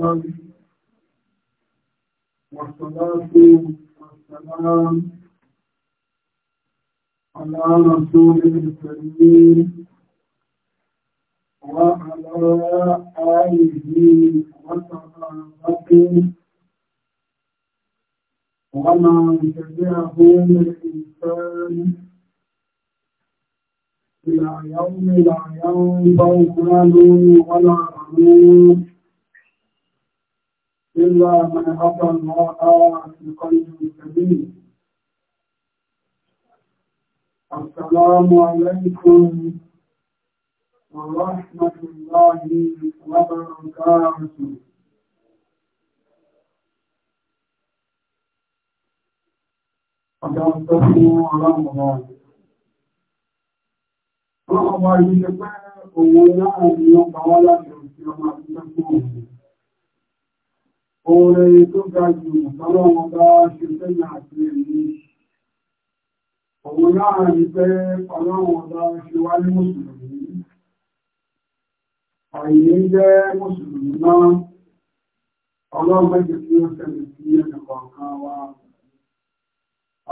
والسلام والصلاة والسلام على رسول الكريم وعلى آله وصحبه ومن تبعهم الإنسان إلى يوم لا ينفع مال ولا بنون إلا من أتى المرأة بقلب سليم السلام عليكم ورحمة الله وبركاته قد أصبحوا على الله Ọlọ́run wa yìí ṣe pé òun náà ni ó pa wá láti òṣèlú àti ìjọba òun. oore tó ga jù ọlọ́wọ́n bá ṣe sẹ́yìn àti èyí òun náà ní pé ọlọ́wọ́n bá ṣe wá ní mùsùlùmí àyè jẹ́ mùsùlùmí náà ọlọ́wọ́n mẹ́jọ tí ó ṣẹlẹ̀ sí ẹnì kọ̀ọ̀kan wa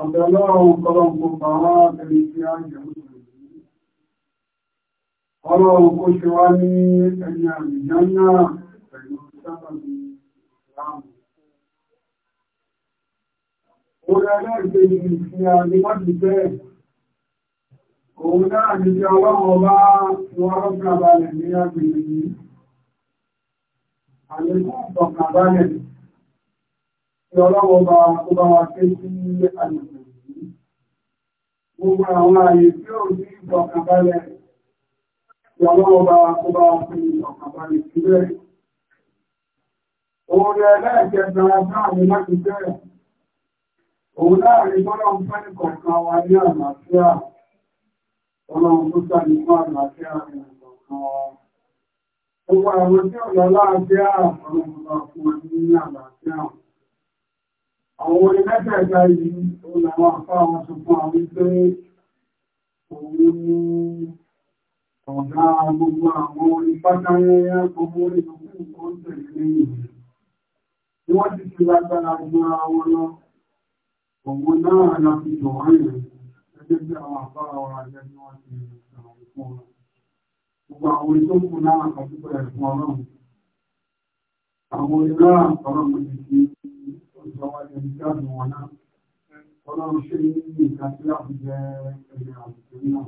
ọ̀dọ́lọ́wọ́n kọ́lọ́n kó bá wá bẹ̀rẹ̀ sí àjẹ́ mùsùlùmí Orí ẹlẹ́gbẹ̀ ìrìnfin àríwájú bẹ́ẹ̀. Òun náà ni bí ọlọ́run ọba tí wọ́n rọ́pùnà balẹ̀ ní agbègbè yìí. Àlékún ọ̀pọ̀pọ̀ balẹ̀ tí ọlọ́run ọba tó bá wa ké sí àgbègbè yìí. Gbogbo àwọn ààyè tí ò ní ìpọ̀kànbalẹ̀ tí ọlọ́run ọba tó bá wa fi ìpọ̀kànbalẹ̀ sílẹ̀. Oore Òun láàrin bọ́lọ̀ ń fẹ́ kọ̀ọ̀kan wa ní àlàáfíà. Ọlọ́run tó sáàrí fún àlàáfíà ní kọ̀ọ̀kan wa. Gbogbo àwọn tí ọ̀lọ́ láàáfíà ọlọ́run bá fún wa ní àlàáfíà. Àwọn orin mẹ́tẹ̀ẹ̀ta yìí, òun làwọn àfá wọn sọ fún àwọn pé òun ní ọ̀gá gbogbo àwọn orin pátáyẹyẹ gbogbo orin tó kú nǹkan tẹ̀lé yìí tí wọ́n ti fi lágbára gbọ́ra wọn lọ òun náà lọ fi dùn ọlọ́run ṣe ní nǹkan tí láti jẹ ẹ̀rẹ̀ àbùkù náà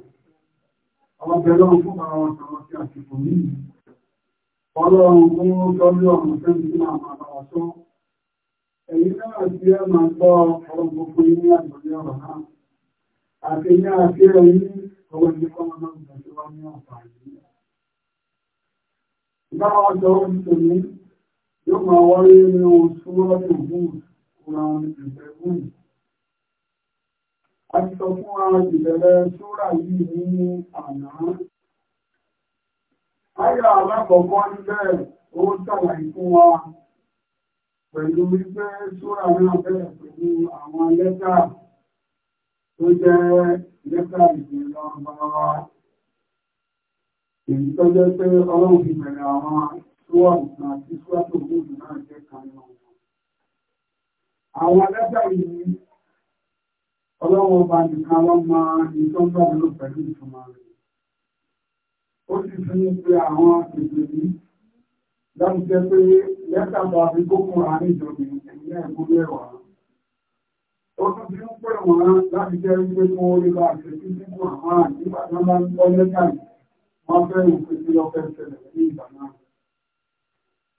ọlọ́bẹ̀ fún àwọn ọ̀sán tí a ọlọ́run fún tọ́lú ọ̀run fẹ́mi tí máa máa bá wa sọ́ọ́ ẹ̀yìn náà tí ẹ máa gbọ́ ọ̀rọ̀ gbogbo yìí ní àgbọ̀lẹ́ ọ̀rọ̀ náà àti ní àti ẹ̀yìn ọwọ́ ní kọ́mọ náà gbà tí wọ́n ní àǹfààní. Báwọn ọjọ́ oṣù ní yóò máa wáyé ní oṣù lọ́dún gúúsù kúra wọn ìbẹ̀ gúúsù. A ti sọ fún wa ìbẹ̀rẹ̀ sóra yìí ní àná. Ayọ̀ alákọ̀ọ́kọ́ níbẹ̀ ó ṣàlàyé fún wa pẹ̀lú wípé ṣúra náà bẹ̀rẹ̀ pẹ̀lú àwọn lẹ́tà tó jẹ́ lẹ́tà ìgbìlọ́gbàwà èyí tó jẹ́ pé ọlọ́run fi bẹ̀rẹ̀ àwọn ṣúwà ìtàn àti ṣúwà tó gbòdù náà jẹ́ kan náà àwọn lẹ́tà yìí ọlọ́run ọba nìkan ló máa ní tó ń bọ̀ pẹ̀lú ìtumọ̀ rẹ̀ ó sì fi ń pe àwọn ìgbèlú láti jẹ́ pé lẹ́tà bá fi kókùn ra ní ìjọbi ẹ̀yìn ẹ̀kúrú ẹ̀wà ó tún fi ń pè wọ́n láti jẹ́ wípé kí wọ́n lè bá ṣe sí síkú àwọn nígbà tí wọ́n bá ń gbọ́ lẹ́tà yìí wọ́n fẹ́ òfin sí lọ́fẹ́ ṣẹlẹ̀ ní ìgbà náà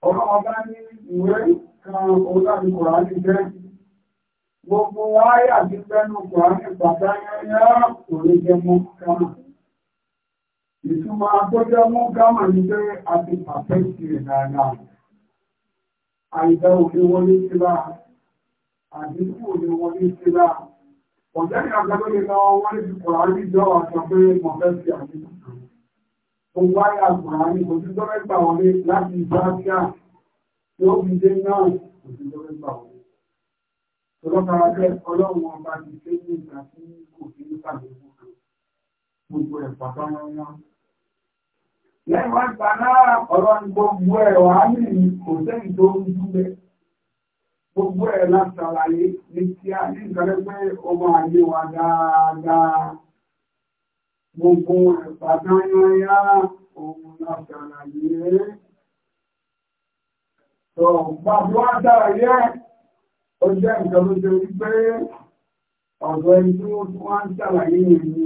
ọ̀rọ̀ ọba ní ìwé kan oláàbí kòránì jẹ́ gbogbo wáyà tí fẹ́nu kòránì pàtàkì ìtumọ̀ agbọ́jọ́ mú gámà ní pé a ti pàfẹ́sì rẹ̀ dáadáa àìdá òní wọlé síra àdínkù òní wọlé síra ọ̀jẹ́ ní àgbàdo lè lọ wọ́n lè fi kọ̀rọ̀ àríjọ́ àjọ pé mọ̀fẹ́sì àdínkù gbogbo ayé àgbàrá ní kò sí tọ́rẹ́ gbà wọlé láti ìgbàáṣíà tí ó fi dé náà kò sí wọlé ọlọ́pàá ọlọ́run ọba ti ṣe ní ìgbà tí kò sí ní sàlẹ̀ gbogbo ẹ̀ pàtàkì wọn lẹ́wọ̀n gba náà ọ̀rọ̀ ní gbogbo ẹ̀ wà ní kò sẹ́yìn tó ń dúbẹ́ gbogbo ẹ̀ látàlàyé ní tí a ní ìgbàlẹ́gbẹ́ ọmọ àyè wa dáadáa gbogbo ẹ̀ pàdánayá òun látàlàyé tó gbàgbọ́ ó jẹ́ nǹkan tó wípé ọ̀dọ̀ ẹni tí wọ́n ń ṣàlàyé yẹn ni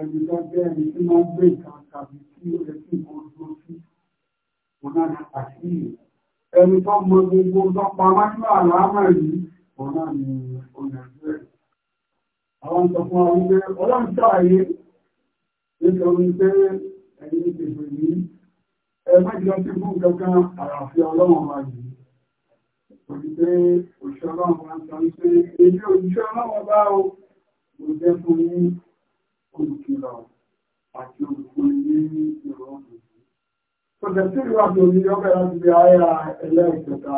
ẹni tó jẹ́ ẹni tí wọ́n gbé nǹkan tàbí tí ó lè fi nǹkan dúró sí òun náà ní àṣì ẹni tó mọ gbogbo tó pamọ́ nínú àlámà yìí òun náà ní olùdíje àwọn sọ fún wa wípé ọlọ́run ṣàlàyé nítorí pé ẹni ìpèsè yìí ẹ má jọ sí fún kankan àràfi ọlọ́run wa yìí torí pé òṣìṣẹ́ ọlọ́run wa ń sọ wípé èyí òṣìṣẹ́ ọlọ́run bá o kò jẹ́ fún yín olùkìlọ̀ àti olùkúni ní ìrọ̀ òdòdó. Sọ̀tẹ̀ tí ìwà tó ní ọkẹ́ láti bí ayá ẹlẹ́ẹ̀kẹta,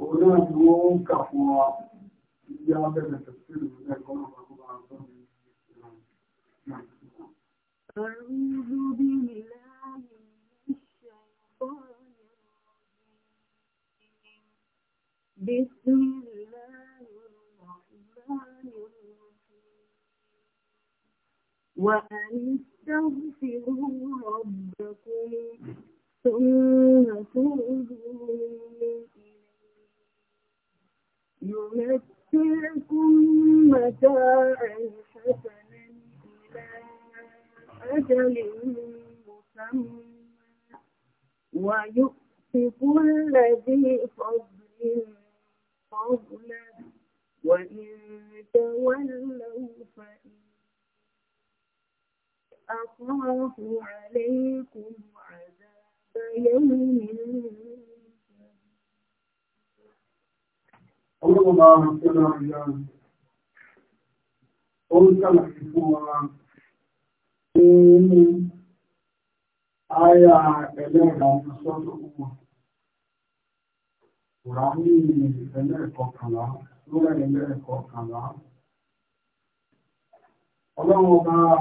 òun náà ni wọ́n ń kà fún wa ní abẹ́rẹ́ tẹ̀sílù ẹ̀kọ́ أعوذ بالله من الشيطان الرجيم بسم وأن استغفروا ربكم ثم توبوا إليه يمتعكم متاعا حسنا إلى أجل مسمى ويؤتي كل ذي فضل فضلا وإن تولوا فإن أخاف عليكم عذاب يوم اللهم صل على قلت الحكومة إن آية إليها نصرة أمة Kùránì ẹlẹ́ kọkànlá, lórí ẹlẹ́ kọkànlá. Ọlọ́run máa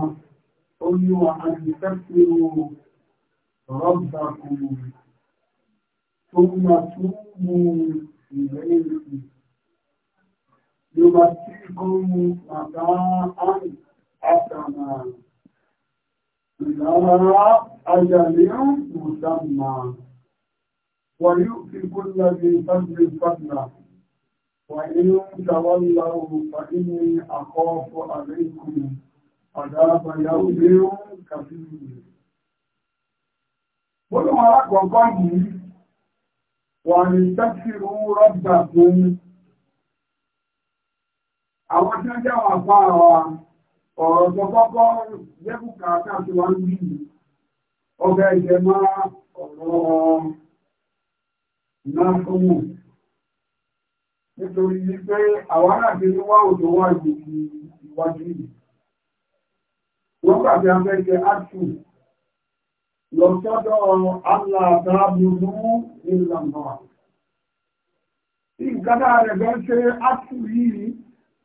Olúwa àdìsẹ́kìrò rọ́bàkùnrin tó máa tún mú ìrẹ́ ìrìn. Yorùbá tí kó mú màtá àrì àtàmà ìlàrá àjàlẹ́ mùsàmà wà yóò fi kó lábí sábẹ̀ sábà wà yóò tàwálà òun fàínì àkọ́ọ̀fọ́ àrẹ́kùnrin. عذاب يوم كبير Bọ́lú wọn alákọ̀ọ́kọ́ yìí, wọ́n ni tẹ́kìrú rọ́gbà fún àwọn tí ó jẹ́ wà fáà wa, ọ̀rọ̀ tó kọ́kọ́ jẹ́kùkà káàkiri wá ń bí ọgá ìjẹ máa ọ̀rọ̀ náà fún mù. Nítorí pé àwọn aláàbí wá òjò wá ìwájú yìí ṣùgbọ́n gbàgbé abẹ́jẹ áṣù lọ sọ́dọ̀ aláàbábùrú ìlànà ìgbádá rẹ̀ bẹ́ ṣe áṣù yìí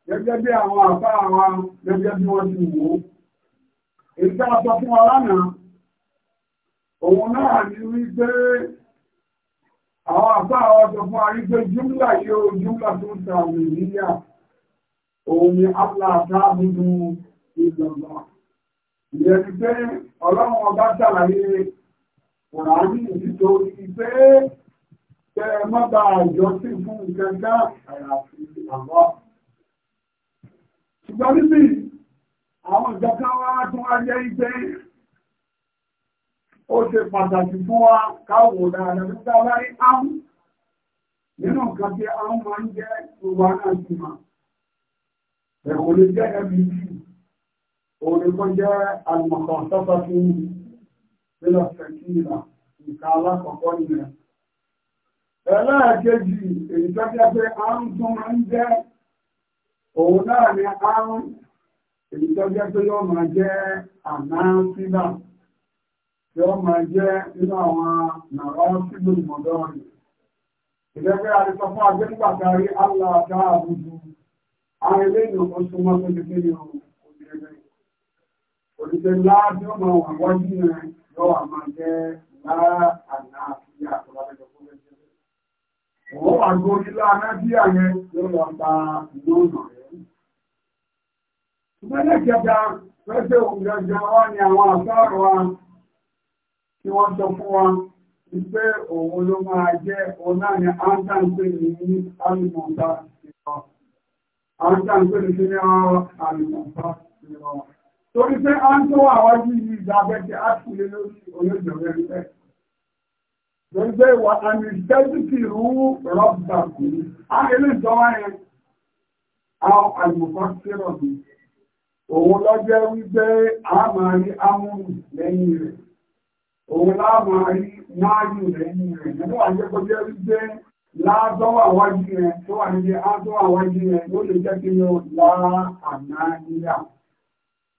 gẹ́gẹ́ bí àwọn àbá wa gẹ́gẹ́ bí wọ́n ti wò ó ìgbà àpọ̀ fún wa lánàá òun náà ní wípé àwọn àbá ọjọ́ fún àrígbé júmlà yóò júmlà tó sàmì níyà òun ni aláàbábùrú ìlànà ìyẹn ti pé ọlọ́run ọba ṣàlàyé kùràánì nítorí pé tẹ ẹ má ba àjọsìn fún nǹkan ká àyàfi àmọ́. ṣùgbọ́n níbi àwọn ìjọba wa tún wá jẹ́ ìgbé ó ṣe pàtàkì fún wa káwò dáadáa nígbà láyé áhùn nínú nǹkan tí áhùn máa ń jẹ́ gbogbo aláàtìmọ̀ ẹ̀wọ̀n lè jẹ́ ẹ̀mí orí kó jẹ́ àlùmọ̀kàn tọ́pá fún bílọ̀ fẹ̀kìlà nǹkan alákọ̀ọ́kọ́ nìyẹn ẹlẹ́ẹ̀kejì èyí tó jẹ́ pé a ń tún máa ń jẹ́ òun náà ni a ń èyí tó jẹ́ pé yóò máa jẹ́ ànáńsílà yóò máa jẹ́ nínú àwọn nàrọ́ sílò ìmọ̀dọ́rin ìdẹ́gbẹ́ àdìsọ́fún agbẹ́gbàtàrí aláàtà àbújú àwọn eléyìn oṣù mọ́tò ní kí ni ọ̀hún òṣìṣẹ́ láàbí ọmọ àwọn jìnnà lọ́wọ́ àmà jẹ́ lára àná àti àtọ́lábẹ́jọ fún ẹgbẹ́ òun wà lórí láàrín bí àyẹ ló lọ gba ìlú rẹ̀ ṣùgbọ́n lẹ́kẹ̀ẹ́ta fẹ́sẹ̀ òǹgbẹ̀jọ wá ní àwọn àtọ́rọ̀ wa tí wọ́n sọ fún wa wípé òun ló máa jẹ́ òun náà ni áńtàǹpé ní alùpùpù àlùmọ̀ta ìrọ̀ torí pé a ń tó àwájú yìí ìdàgbẹ́jẹ́ àtúnlé lórí olóògbé rẹ̀ torí pé wà àmì ìjẹ́jú kì í rú rọ́bà kù á ilé ìjọba yẹn àwọn àlùmọ̀fà kérò mi òun lọ́jọ́ wípé a máa rí amúrù lẹ́yìn rẹ̀ òun láàmà rí náàyù lẹ́yìn rẹ̀ nígbà wà jẹ́ kó jẹ́ wípé láàdọ́wà wájú yẹn tó wà níbi àdọ́wà wájú yẹn ló lè jẹ́ kí yóò lá àná níyàwó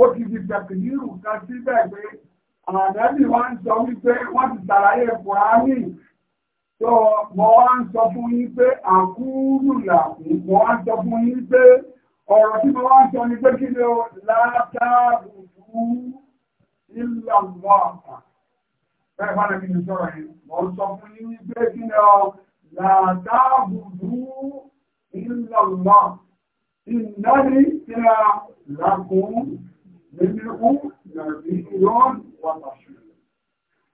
ó ti di tẹ̀kìlírù kan síbẹ̀ pé àdẹ́bì wá ń sọ wípé wọ́n ti tàlàyé kùránì tó mọ́ wá ń sọ fún yín pé àkúrùlà mọ́ wá ń sọ fún yín pé ọ̀rọ̀ tí mo wá ń sọ ni pé kí ni o látàbùkú ìlànà ìnáni kí a làkùn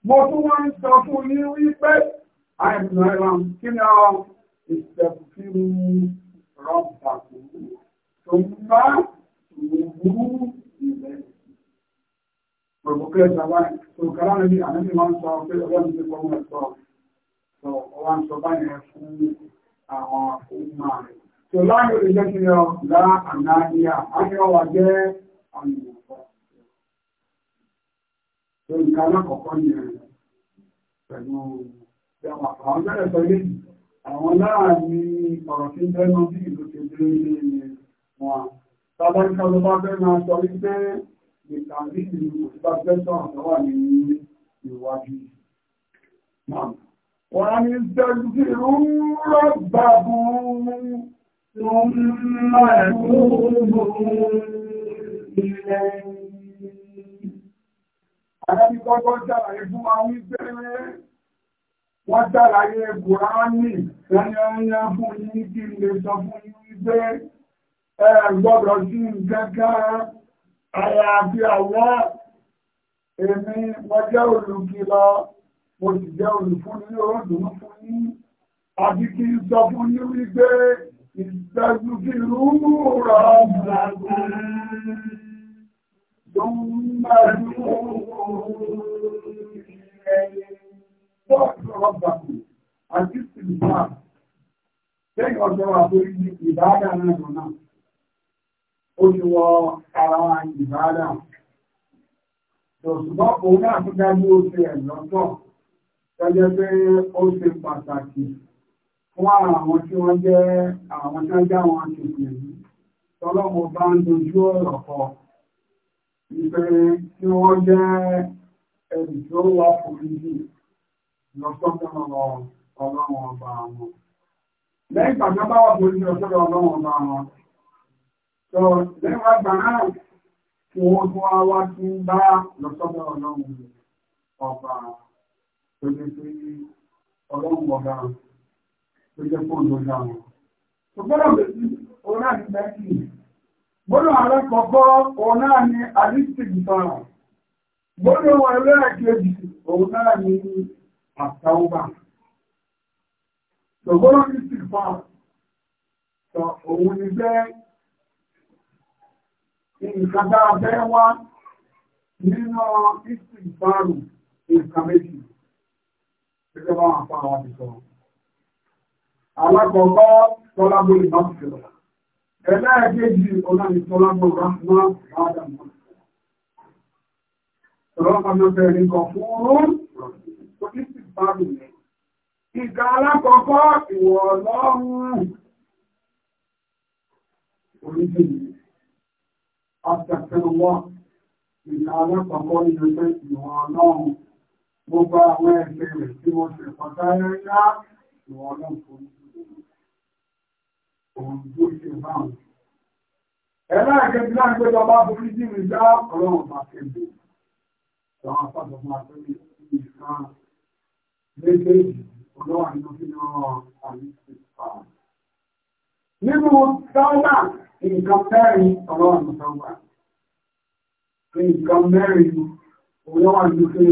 Mo tún wá ń sọ fún ní wípé àìsàn ẹran kí ni ọ ìṣẹ̀kù kí ni rọ́bà kò tó ń bá ìwòrú ilẹ̀. Pẹ̀lúkẹ́ ìjọba tó kàrá níbi àníbi máa ń sọ pé ọlọ́run ti kọ́ wọn sọ sọ ọwá ń sọ báyẹn fún àwọn ọmọ rẹ̀. Tòláyò ilé kí ni ọ lá àná ìyá, á ní ọwà jẹ́ So àwọn bẹ̀rẹ̀ ọ̀rọ̀ tí ń bẹ́nu bí ìlú ti dé ní wọn. Bàbá ló bá bẹ́ẹ̀ máa sọ wípé nìkan bí ìlú kò sí bá bẹ́ẹ̀ sọ̀rọ̀ tó ní ìwájú. Wọ́n á ní sẹ́jú sí rúrọ̀ Àdábí kọ́kọ́ jàlàyé fún wa wí pẹ́rẹ́ wọ́n jàlàyé Kùránì lẹ́yẹnyẹ fún yí kí lè sọ fún yí wípé ẹ gbọ́dọ̀ sí nǹkankan àwọ́ èmi wọ́n jẹ́ olùkìlọ̀ mo sì jẹ́ olùfúnni ó fún yí àbí kí sọ fún yí wípé استغفروا ربكم ثم توبوا ربكم الاستغفار Lẹ́yìn ọjọ́ àbórí ní ìbáadà náà lọ́nà, ó ti wọ ara ìbáadà. Ṣọ̀ṣùgbọ́n òun náà tó dájú ó ṣe ẹ̀ lọ́tọ̀, tọ́jẹ́ pé ó ṣe pàtàkì wọ́n ara àwọn tí wọ́n jẹ́ àwọn tí wọ́n jẹ́ àwọn akẹ́kọ̀ọ́ yìí bá ń dojú ọ̀rọ̀ kọ ìpẹ́ tí wọ́n jẹ́ ẹ̀rì tí ó wà foríjì lọ́sọ́dọ̀ ọlọ́run ọba wọn lẹ́yìn pàtó ọlọ́run ọba wọn tó jẹ́ fóònù ló dá wọn. Ṣùgbọ́n bèbí òun náà ní mẹ́kì. Gbọ́dọ̀ alákọ̀ọ́kọ́ òun náà ní àdísìkì sọ̀rọ̀. Gbọ́dọ̀ wọn ẹlẹ́ẹ̀kejì òun náà ní àtàwùbà. Ṣùgbọ́n àdísìkì sọ̀rọ̀. Sọ òun ni bẹ́ẹ̀ nǹkan bá abẹ́ wá nínú ìsìn ìbárò nǹkan méjì. Gẹ́gẹ́ bá wọn pa àwọn alákọ̀ọ́kọ́ tọ́lábó lè máa fi lọ. ẹlẹ́ẹ̀kejì ọ̀nà ni tọ́lábó ráhùnmá ráhùnmá. ọ̀rọ̀ ọmọdé ní kan fún oorun polisi báàbù yẹn. ìgbà alákọ̀ọ́kọ́ ìwọ̀ ọlọ́run oríṣi ni àtẹ̀tẹ̀wọ́ ìgbà alákọ̀ọ́kọ́ nínú ẹgbẹ́ ìwọ̀ ọlọ́run gbogbo àwọn ẹgbẹ́ tí wọ́n ṣe pàtàkì rẹ̀ ìwọ̀ ọlọ́run òun tó ṣe báwọn. ẹ̀rọ àgẹ́bí láti pé bàbá borí sí mi dá ọlọ́run bá ṣe bò àwọn apáṣọ fún akẹ́bí nìkan méjèèjì ọlọ́wà nínú kí ni wọ́n àmì ti pa. nínú nǹkan mẹ́rin ọlọ́wà nínú sáwà nǹkan mẹ́rin ọlọ́wà nínú kí ni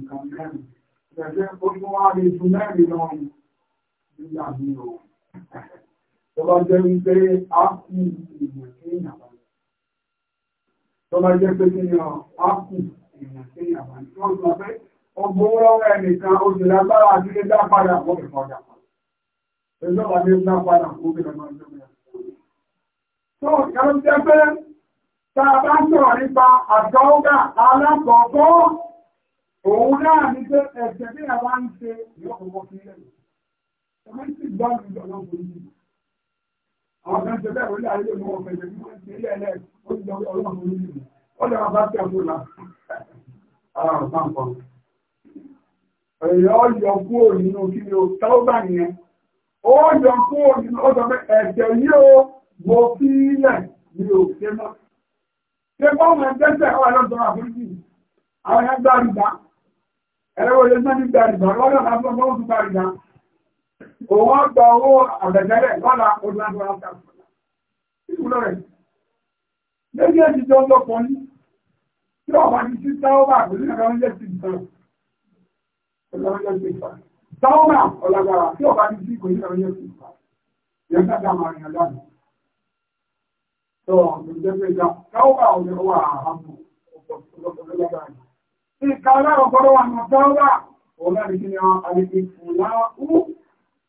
nǹkan mẹ́rin. Ìgbẹ̀jẹ̀ ó tún wá rí ju lọ́rùn nígbà mí o jẹ́ a kú ìmọ̀ sí ìyàwó tó bá jẹ́ pé kí ni ọ a kú ìmọ̀ sí ìyàwó tí wọ́n sọ pé ọgbọ́n lọ́wọ́ ẹnìkan oṣù lágbára àti lè dá padà wọ́n fi kọjá ẹjọ́ wà ní dá padà wọ́n fi kọjá tó yàrá a bá ń sọ̀rọ̀ nípa àgbáwọ́gà alákọ̀ọ́kọ́ òun náà Kọ̀mẹ́ntì gbọ́dọ̀ ìjọba òní. Àwọn kan ṣe bẹ́ẹ̀ orí ayé ló wọ́n fẹ̀yẹ̀ níwọ̀n ti ilé ẹlẹ́ ó ti dọ̀wọ́ ọlọ́run òní nìyí. Ó lè wọ́n bá tẹ̀ fún o táwọ́bà yẹn. Ó yọ kúrò nínú ẹ̀jẹ̀ yìí o mo ilẹ̀ mi ò mọ́. Ṣé báwọn ẹgbẹ́sẹ̀ wà lọ́dọ̀ àforíjì? Àwọn ẹgbẹ́ àrùbá. Ẹ̀rọ kò wọ́n gba owó àgbẹ̀gẹ́rẹ̀ lọ́la ọdún àtàkùnlá ìwúlọ rẹ̀ méjì ẹ̀jì jọ lọ́pọ̀ ní tí ọba ní sí táwọ́bà pẹ̀lú ìrànlẹ́ sí ìtàn táwọ́bà ọ̀làgbàrà tí ọba ní sí ìkòyí ìrànlẹ́ sí ìtàn yẹn dáadáa máa rìn àdáàbò tó ọ̀gbìn jẹ́ pé táwọ́bà ọ̀gbìn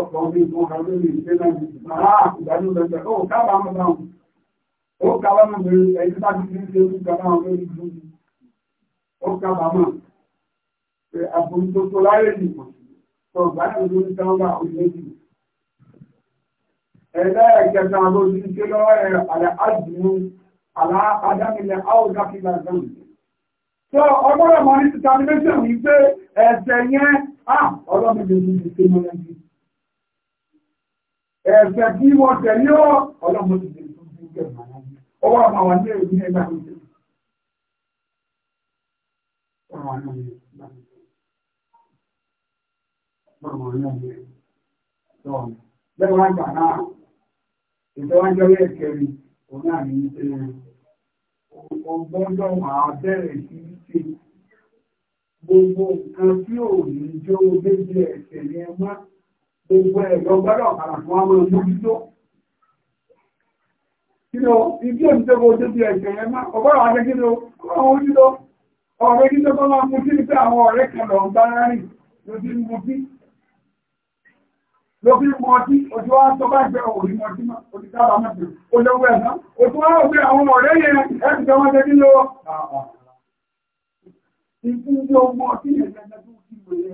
ọ̀pọ̀ bí wọ́n ká lórí ìṣẹ́ náà máa àkùdánú lọ́jọ́ ó kábà mọ́ náà ó kábà mọ́ lórí ẹni bá ti ní ṣe orúkọ náà lórí ìlú ó kábà mọ́ pé àbúrú tó tó láyé nìkan tó ọ̀gbá náà lórí sáńgbà òṣèlú ẹ̀dá ẹ̀kẹta lórí ìṣẹ́ lọ́wọ́ ẹ̀ àdámilẹ̀ áwùdákìlá sáńgbà So ọgbọ́dọ̀ mọ ní determination yìí pé ẹ̀sẹ̀ yẹn á ọlọ́run lè mú ìṣe Ẹ̀sẹ̀ wọ́n náà, ìjọba ń òun náà ní o gbọ́dọ̀ máa bẹ̀rẹ̀ sí ṣe gbogbo nǹkan tí ò ní jó débi ẹ̀sẹ̀ yẹn mọ́ gbogbo ẹ̀rọ gbọ́dọ̀ padà fún wa máa mójútó. Kíló ibi èmi tó gbogbo débi ẹ̀sẹ̀ yẹn mọ́ ọgbọ́dọ̀ wáṣẹ́ kíló kó àwọn mójútó ọ̀rẹ́ kíló tó máa mú sí ní pé àwọn ọ̀rẹ́ kan lọ ń bá rárìn lójú mú sí lóbi mọ́tí ojú wá tó bá jẹ́ orí mọ́tí máa oníkàbà mọ́tí olówó ẹ̀nà ojú wá ó gbé àwọn ọ̀rẹ́ yẹn ẹ̀sùn tó wọ́n tẹ́bí lọ ìfún ní ọmọ tí ẹ̀yẹ̀dẹ̀ tó ti wèé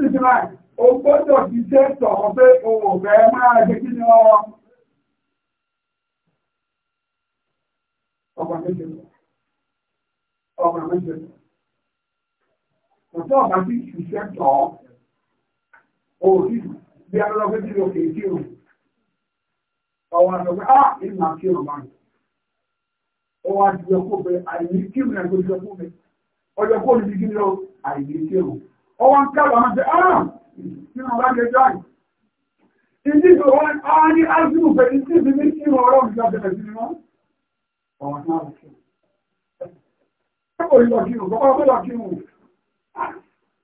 lóbi tíra ó gbọ́dọ̀ ti jẹ́ sọ̀rọ̀ pé ohun ọ̀fẹ́ máa jẹ́ kí ni ọ ọgbà méje ọgbà méje kò tó ọ̀gá sí òbí bí alọ́gbẹ́ tí lọ kèé kí òun ọwọ́ àtọ́gbẹ́ á ìmà kí òun máa ó wá ti yọkó bẹ àìní kí òun ẹgbẹ́ ìjọkó bẹ ọjọ́ kó ní kí lọ àìní kí òun ọwọ́ ń kẹ́lọ̀ àwọn ṣe áà kí wọ́n ah, bá lè jọ àì ìdí ìṣò wọn á ah, ní áṣírù pé ìdí ìṣì ní kí wọn ọlọ́run ìjọba bẹ̀rẹ̀ sí wọn ọwọ́ tí wọ́n lọ kí òun kọ́kọ́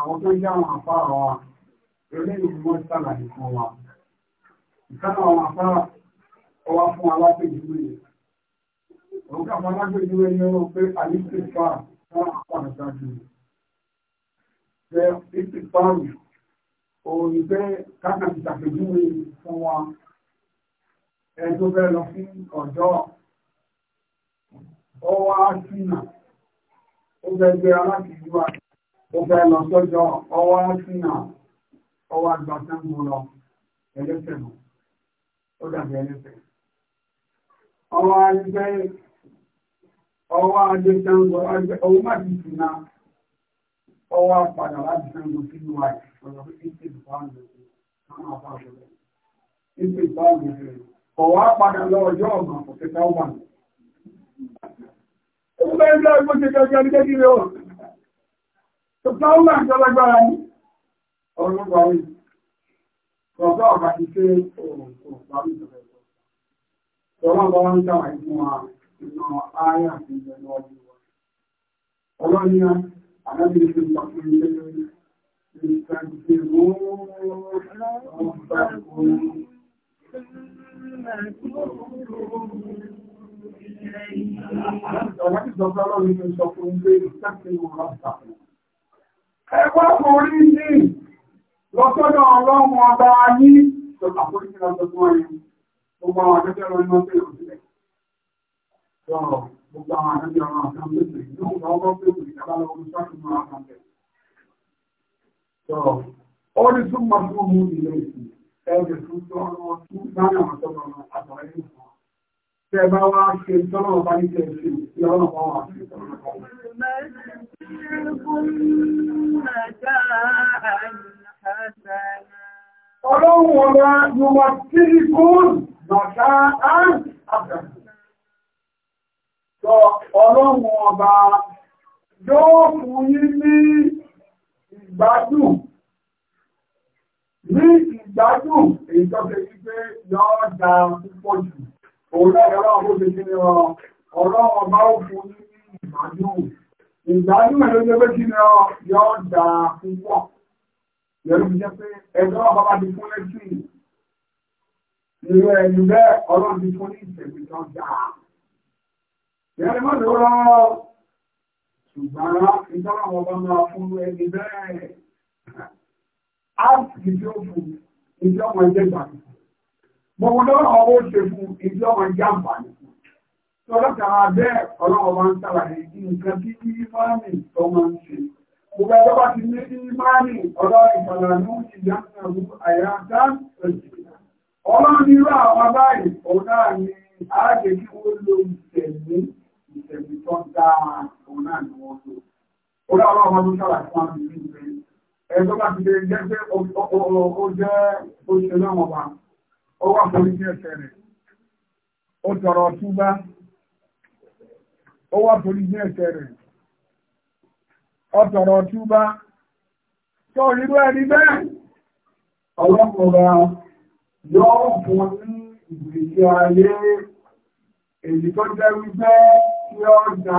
àwọn tó yá àwọn wa eléyìí ni wọ́n fún wa ìkánà àwọn àfáà ọwá fún alápèjúwe òun kàfà alápèjúwe ní ọ̀rọ̀ pé àyíkè fà fún àpàdé ṣáájú jẹ ìpìpáàrù òun ni pé káàkà ti fún wa ẹni tó lọ sí ọ̀dọ́ ọwá sínà ó fẹ́ gbé alápèjúwe ó fẹ́ sọ́jọ́ ọwọ́ sínà ọwọ́ agbátẹ́mù lọ ẹlẹ́sẹ̀ mọ́ ó dàbí ẹlẹ́sẹ̀ ọwọ́ adé ọwọ́ adé ọwọ́ má ti sínà ọwọ́ apàdà láti sẹ́ńgọ́ sínú àyè ọ̀rọ̀ fífi ìpàdé àwọn àpàdé rẹ̀ fífi ìpàdé rẹ̀ ọwọ́ apàdà lọ́jọ́ ọ̀gbọ̀n kò fẹ́ ká wà ní. ó fẹ́ ń lọ ẹgbẹ́ ṣe kẹ́kẹ́ ní kékeré ọ̀rọ̀ tó bá ó máa jọ lágbára ní ọ̀rọ̀ parí ọ̀gá ọ̀gá ti pé ọ̀rọ̀ parí ìjọba ìjọba ọlọ́run bá wọ́n ń dáwà ìfún wa nínú ayé àti ìjọba ọdún wa ọlọ́run ní àdábì ìfẹ́ ìgbà fún ilé lórí ìṣàgbéwò ọ̀rọ̀ ìjọba ọlọ́run ní sọ fún ilé ìṣàgbéwò ọ̀rọ̀ ìṣàgbéwò Ẹgbẹ́ orí ní lọ́sọ́dọ̀ ọlọ́run ọba ní ìjọba àforíkí lọ́sọ́ fún ẹ̀yìn. Gbogbo àwọn akẹ́kẹ́ lọ iná tẹ̀lé òsílẹ̀. Gbogbo àwọn akẹ́kẹ́ ọmọ àkàn pèsè ní ọgbọ́n pèsè ìjọba lọ́wọ́ sáàkùn mọ́ àkàn tẹ̀. Orí tún máa fún mú ilé ìsìn. Ẹgbẹ́ tún tọ́rọ tún dáná àtọ́rọ àtọ̀rẹ́ ìsìn. Tẹ bá wá ṣe tọ́lọ̀ bá ní Ọlọ́run ọ̀rọ̀ yọmọ tí kún bàtà án àbẹ̀rẹ̀. Sọ ọlọ́run ọba yóò fún yí ní ìgbádùn, ní ìgbádùn èyí tó fẹ́ sí pé yọ́ da púpọ̀ jù. Òun lẹ́gbẹ̀rẹ̀ ọlọ́run ọba ó fún yí ní ìgbádùn ìgbàdúrà ló jẹ́ pé kí ni yọ dà púpọ̀ yẹnu jẹ́ pé ẹgbẹ́ ọba bá ti fún lẹ́sí ìlú ẹ̀yìn bẹ́ẹ̀ ọlọ́run ti fún ní ìṣẹ̀lẹ̀ tó dáa yẹnu má ló rọ ṣùgbọ́n ìjọba ọba máa fún ẹni bẹ́ẹ̀ áàpù tí ó fún ìjọba ẹgbẹ́ gbàgbọ́ gbogbo náà ọwọ́ ṣe fún ìjọba jàǹbá ni. Tọ́lọ́tàrà bẹ́ẹ̀ ọlọ́wọ́ máa ń sàlàyé nǹkan tí ìmáàmì tó máa ń ṣe. Gbogbo ẹjọ́ bá ti ní ìmáàmì ọ̀dọ́ ìfàlànú ìyáàmù àyájá ẹ̀sìn. Ọlọ́run ní irú àwọn abáyìí, òun náà ni ààjẹ́ kí wọ́n lo ìtẹ̀mí, ìtẹ̀mí tó dáa, òun náà ni wọ́n lò. Ó dá ọlọ́run máa ń sàlàyé fún àmì ìlú rẹ̀. Ẹjọ́ bá ti lè jẹ́ pé ó jẹ́ oṣù náà wọ̀ ó wá borí ní ẹ̀ṣẹ̀ rẹ̀ ọ̀tọ̀rọ̀ túbá tó irú ẹni bẹ́ẹ̀ ọlọ́pọ̀lọ́ yóò fún ní ìgbésí ayé èyí tó jẹ́ wípé tí ó dá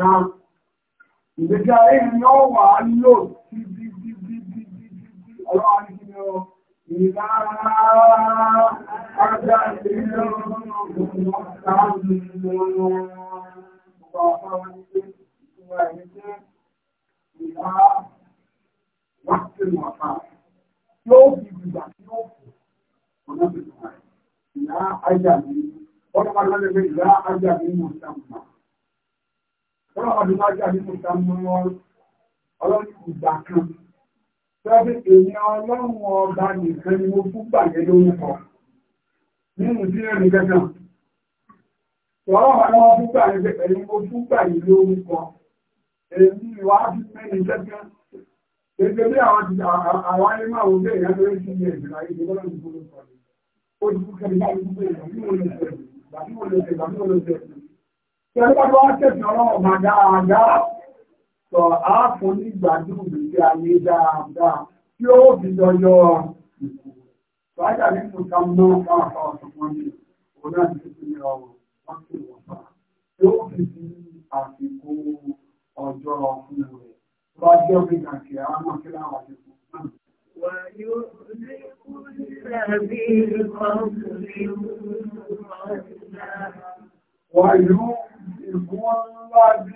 ìgbésí ayé ni ó wà lò títí títí títí títí ọlọ́wà ní kí ó ìlàrá ajá ìlú ọ̀rọ̀ ọ̀rọ̀ kan mú wọn ọlọ́run ìgbà kan tọ́bí èèyàn ọlọ́run ọba nìkan ni mo fún gbàgbé lórúkọ nínú sí ẹ̀rìn kankan tọ́rọ àwọn fún gbàgbé pẹ̀lú mo fún gbàgbé lórúkọ èmi ìwà fi mẹ́rin kankan gẹ́gẹ́ bí àwọn ti àwọn ayé máa wọ́n bẹ́ẹ̀ yá lórí sí ilé ìgbà yìí lọ́dọ̀ sọ ààfún nígbàdùn ìgbésí ayé dáadáa tí ó fi yọyọ ìkù fàájà ní kùtà mọ́ fáfá ọ̀sán ní òun náà ti fi ní ọrùn wọ́n sì wọ́n fà tí ó fi di àsìkò ọjọ́ fún rẹ̀ tó bá jẹ́ omi kàkì àwọn akẹ́lẹ́ àwọn àdìpọ̀ náà. Wà yóò rí kúrẹ́ bí ọkùnrin mọ́ Wà yóò rí kúrẹ́ bí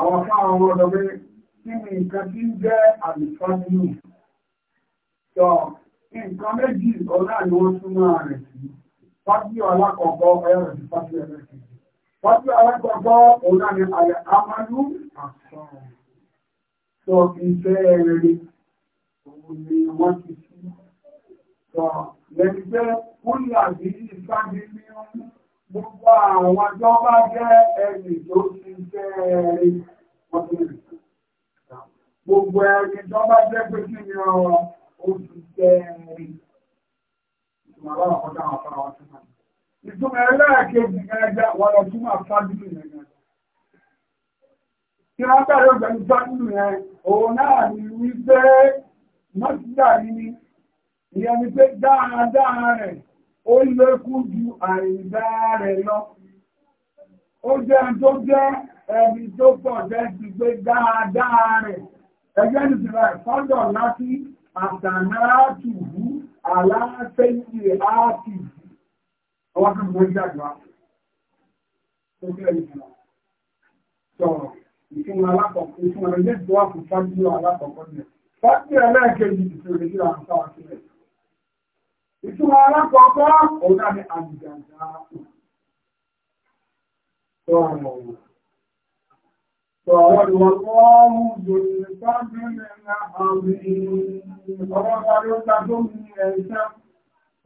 àwọn káwọn ọlọ́dọ̀ pé kí ni nǹkan tí ń jẹ́ àlùfáàdínù sọ nǹkan méjì ọ̀nà ni wọ́n túmọ̀ rẹ̀ sí fájú alákọ̀ọ́kọ́ ẹ̀rọ sí fájú ẹ̀rọ sí fájú alákọ̀ọ́kọ́ ọ̀nà ni àyẹ̀ amánú àṣọ sọ iṣẹ́ rere òun ni wọ́n ti sí sọ lẹ́ni pé kúlà bí ìfájú ní ọdún gbogbo àwọn tó bá jẹ́ ẹni tó ti jẹ́ ẹni ọdún gbogbo ẹni tó bá jẹ́ pé kí ni ọ ó ti jẹ́ ẹni ìtumọ̀ ẹlẹ́ẹ̀kejì ẹgbẹ́ wọn lọ túmọ̀ fábílì nìyẹn tí wọ́n bẹ̀rẹ̀ ọ̀gbẹ̀ni fábílì yẹn òun náà ní wípé mọ́sídà yìí ni ìyẹn ni pé dáadáa rẹ̀ ó lékún ju àìdá rẹ̀ lọ. Ó jẹ́ tó jẹ́ ẹni tó pọ̀ jẹ́ ti pé dáadáa rẹ̀. Ẹgbẹ́ ìsìnlẹ̀ fọ́dọ̀ láti àtànáàtùbú aláṣẹ́yìn àti ọwọ́ kan mọ́ ìjàgbá. Tó jẹ́ ìsìnlẹ̀ sọ̀rọ̀ ìfún alákọ̀ọ́kọ́ ìfún ẹ̀rẹ́ jẹ́ ìjọ́ àkùnfájú alákọ̀ọ́kọ́ Ìtumọ̀ alákọ̀ọ́kọ́, òun náà ni àjìjàjà tó àwọn òun. Sọ̀rọ̀ ìwọ̀kọ́ọ̀mù jòrò sáájú nínú àmì ọwọ́ parí ó tàbí omi ẹ̀ṣẹ́.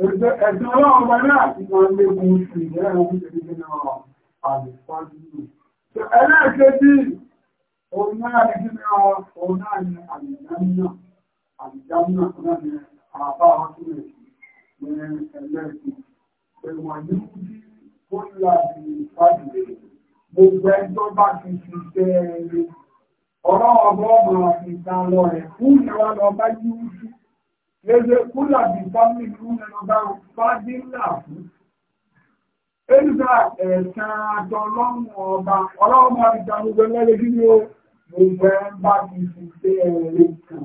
Ẹ̀ṣẹ́ ọlọ́run bá náà ti máa lé mú sí ìrẹ́ ohun tẹ̀lé nínú àmì pàdé. Ẹlẹ́ẹ̀kejì, òun náà ni kí ni òun náà ni àmì ìdámínà, àmì ìdámínà tó náà ni àbá wọn tó lè ṣe ẹlẹ́sìn ẹ̀wọ̀n ní kí ó yà ní ìpàdé gbogbo ẹjọ́ bá ti fi ṣe ẹni ọ̀rọ̀ ọ̀bọ̀ ọmọ ìtàlọ rẹ̀ fún ìwà lọ bá yí wújú léṣe kúlà bí fámìlì ìlú ẹnu bá fádínlà fún Èlùsà ẹ̀sán àtọlọ́run ọba ọlọ́run máa ń ta gbogbo ẹlẹ́lẹ́gbẹ́ ń bá ti ṣe ẹ̀rẹ́ kan.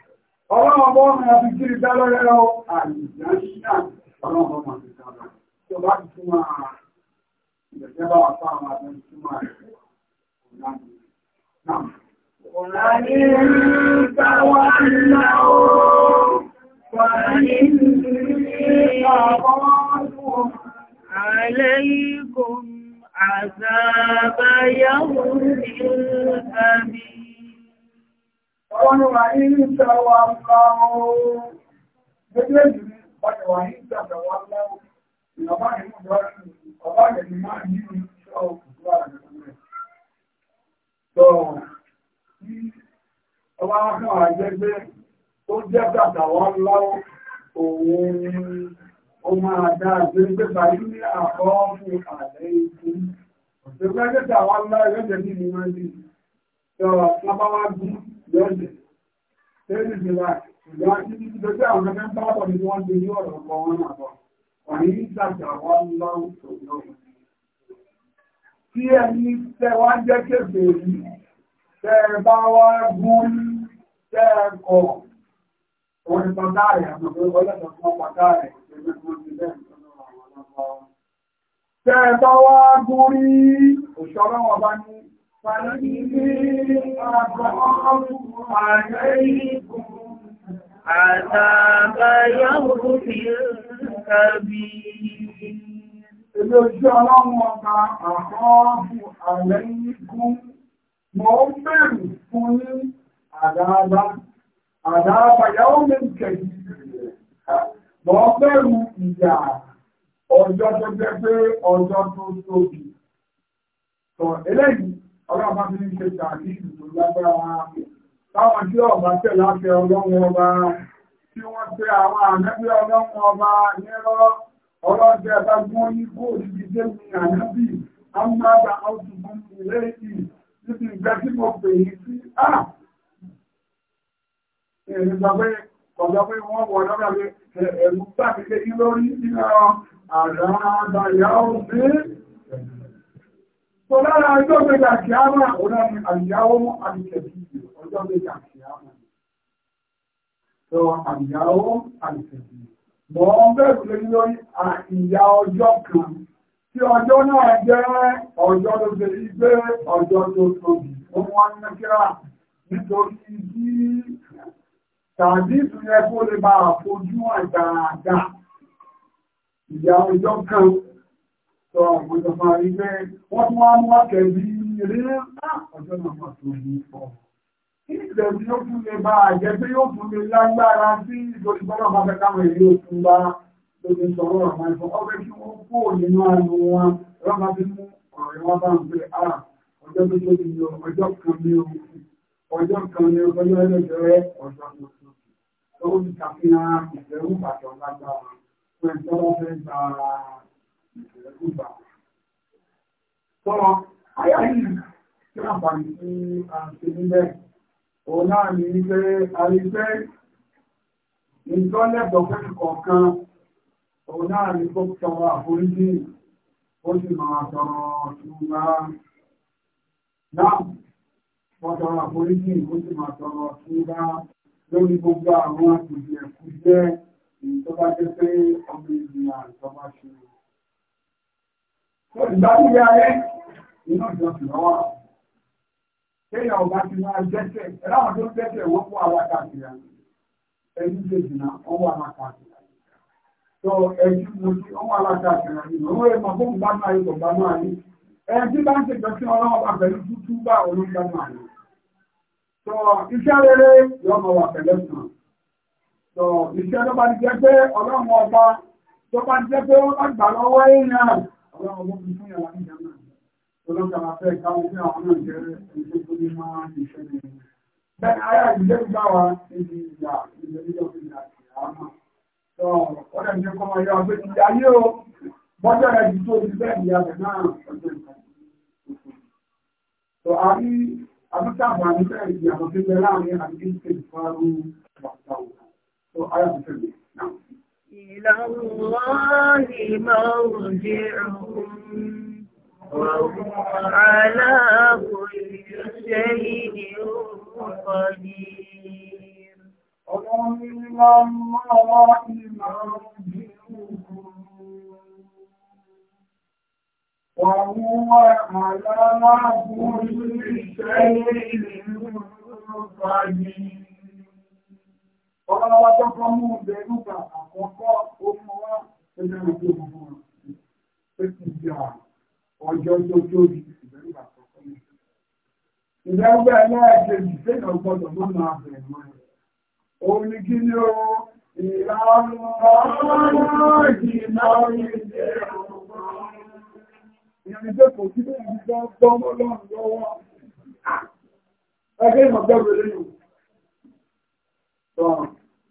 Ọlọ́run bọ́ ọmọ ẹ̀fí kiri dá lọ́rẹ́ lọ, àìyànṣíà ọlọ́run ọmọ ti dára. Tí ó bá ti túmọ̀ àrà, ìgbẹ̀jẹ́ bá wà fún àwọn àjẹ́ ìtúmọ̀ rẹ̀. Ọ̀làní ń bá wà náà ó, wà ní ìrìn عليكم عذاب يوم كبير Ọlọ́run wà ní ìṣẹ́wà láàrùn. Gbẹ́gbẹ́ jù ní ọjọ́ wà ní ìṣẹ́wà láàrùn. Ìjọba ìmúdọ́ ọ̀bá ìrìn máa ní ìṣẹ́ òkùnkú àrẹ̀ ọwá fún àjẹ́gbé ó jẹ́ tàtàwọ́ láwọ́ òun ni ó máa dáa jẹ́ pé bàí ní àkọ́ fún àlẹ́ ikú òṣèlú ẹgbẹ́ tàwọn láwọ́ ẹgbẹ́ tẹ̀lé ìwọ̀n sí ọ̀pọ̀ wá gún lọ́dẹ̀ tẹ́lẹ̀ ti wá ìgbà tí ní ìdọ́jọ́ àwọn ẹgbẹ́ ń bá bọ̀ ní wọ́n gbé ní ọ̀rọ̀ kan wọn àbọ̀ wà ní ìsàjà wọn lọ́wọ́ lọ́wọ́ tí ẹni tẹ́ wá jẹ́ kéfèé yìí tẹ́ bá wá gún tẹ́ kọ̀ Òun ni pàtà rẹ̀, àmọ̀ pé ọlọ́dọ̀ fún ọpàtà rẹ̀, ẹgbẹ́ fún ti bẹ́ẹ̀ nìkan náà àwọn ọlọ́pàá. Tẹ́ẹ̀bá òṣọ́rọ̀ wọn bá ní فإني Ilé-ojú ọlọ́run ọba àkọ́ọ̀bù àlẹ́yìnkún, mọ́ ń bẹ̀rù fún ní àdáadáa, àdáadáa yàwó mẹ́kẹ̀ẹ́ mọ́ ń bẹ̀rù ìyà ọjọ́ tó jẹ́ pé ọjọ́ tó tóbi. Sọ eléyìí ọlọ́run bá fi ń ṣe tàbí ìtò lágbára táwọn tí ọba tẹ̀ láti ọlọ́run ọba tí wọ́n tẹ àwọn ànábì ọlọ́run ọba nírọ́ ọlọ́jẹ́ bá gbọ́n ní góòlù ìdíje mi ànábì amúnáàbà ọ̀tùnkún ilé yìí níbi ìgbà tí mo pè yí sí à. Èrè tó lára ọjọ́ méjà kìámà òun ni àyàwó mú àlùkẹ́bí ọjọ́ méjà kìámà tó àyàwó àlùkẹ́bí mọ̀ ọ́n bẹ̀rù lórí lórí ìyá ọjọ́ kan tí ọjọ́ náà jẹ́ ọjọ́ tó ṣe gbé ọjọ́ tó tóbi fún wọn ní kíra nítorí bí tàbí ìtúnyẹ kó lè bá àfojú wọn dáadáa ìyá ọjọ́ kan. Sọ àwọn ìjọba ilẹ̀ wọ́n tún wá mú wákẹ̀ bí eré ọjọ́ náà wà tó ní ọ̀. Kí ìdẹ̀bí yóò tún lè bá àjẹ́ pé yóò tún lè lágbára sí ìdòdì bọ́lá bá fẹ́ káwọn èyí ó tún bá lóde sọ̀rọ̀ àwọn ìfọ̀. Ọbẹ̀ kí wọ́n kó nínú àánú wọn, rọ́bà ti mú ọ̀rẹ́ wọn bá ń pè á ọjọ́ tó tó ti yọ ọjọ́ kan ní o. Ọjọ́ kan ní ọjọ́ ẹlẹ́gbẹ̀rẹ́ ọjọ́ tó tó. Ó ń ṣàfihàn ìfẹ́ Sọ àyà yìí tí a bá ní sí àti nílẹ̀, òun náà ní wípé àrífẹ́ ìjọ́lẹ̀bọ̀ fún ìkọ̀ọ̀kan, òun náà ní kó tọrọ àforíjì, ó sì máa tọrọ ṣùgbà. Náà, wọ́n tọrọ àforíjì, ó sì máa tọrọ ṣùgbà lórí gbogbo àwọn àtòjì jẹ́ ìjọba jẹ́ pé ọmọ ìgbìyànjọba ṣe. Ìgbà tí ìyá rẹ̀ iná ìjọsìn lọ́wọ́. Kéèyàn ọba ti máa jẹ́sẹ̀, tó jẹ́sẹ̀ wọ́n fún Ẹni tó jìnnà, mo ti, wọ́n wà máa káàkiri àná. Òun èèmọ̀ fún kò Ẹni tí bá ń ṣe ìjọsìn ọlọ́wọ́ bá pẹ̀lú tútú bá òun iṣẹ́ rere pẹ̀lẹ́ sàn. iṣẹ́ tó bá ti jẹ́ pé ọba tó ọlọ́run ló fẹ́ àwọn náà jẹ́ ẹni tó tó ní máa ń ṣiṣẹ́ ní ẹni. bẹ́ẹ̀ ayé àgbẹ̀dẹ́ ń gbà wá níbi ìyà ìgbẹ́lẹ́jọ́ àmà ọ̀rẹ́ mi kọ́ máa yọ ti yà yé o bọ́jọ́ rẹ̀ ti tó ti bẹ́ẹ̀ ìyá rẹ̀ náà ọjọ́ ìkàtà. tó a rí abúkàbà nípa ìyàtọ̀ tó bẹ láàrin àdúgbò ìṣèjì fún arúgbó wàtàwọ̀ tó ayé àgbẹ̀ إلى الله مرجعهم وهو على كل شيء قدير وإلى الله مرجعهم وهو على كل شيء قدير ọ̀rọ̀ wa tó kọ́ mú un bẹ nígbà àkọ́kọ́ ó mọ wá ẹgbẹ́ ojú ọmọ wọn pé kì í yà ọjọ́ tó tóbi ìbẹ̀rù àkọ́kọ́ yẹn. ìbẹ̀rù bẹ́ẹ̀ lẹ́ẹ̀kejì téèyàn gbọ́dọ̀ mọ́ máa bẹ̀rù rẹ̀ òun ni kí ni o ìlànà ọ̀rọ̀ ìjìnlá ìdè ọ̀rọ̀ ìrìnàjò kò sí bẹ́ẹ̀ ní bá gbọ́mọ́ lọ́rùn lọ́wọ́ ẹgbẹ́ ìmọ̀gbẹ́rù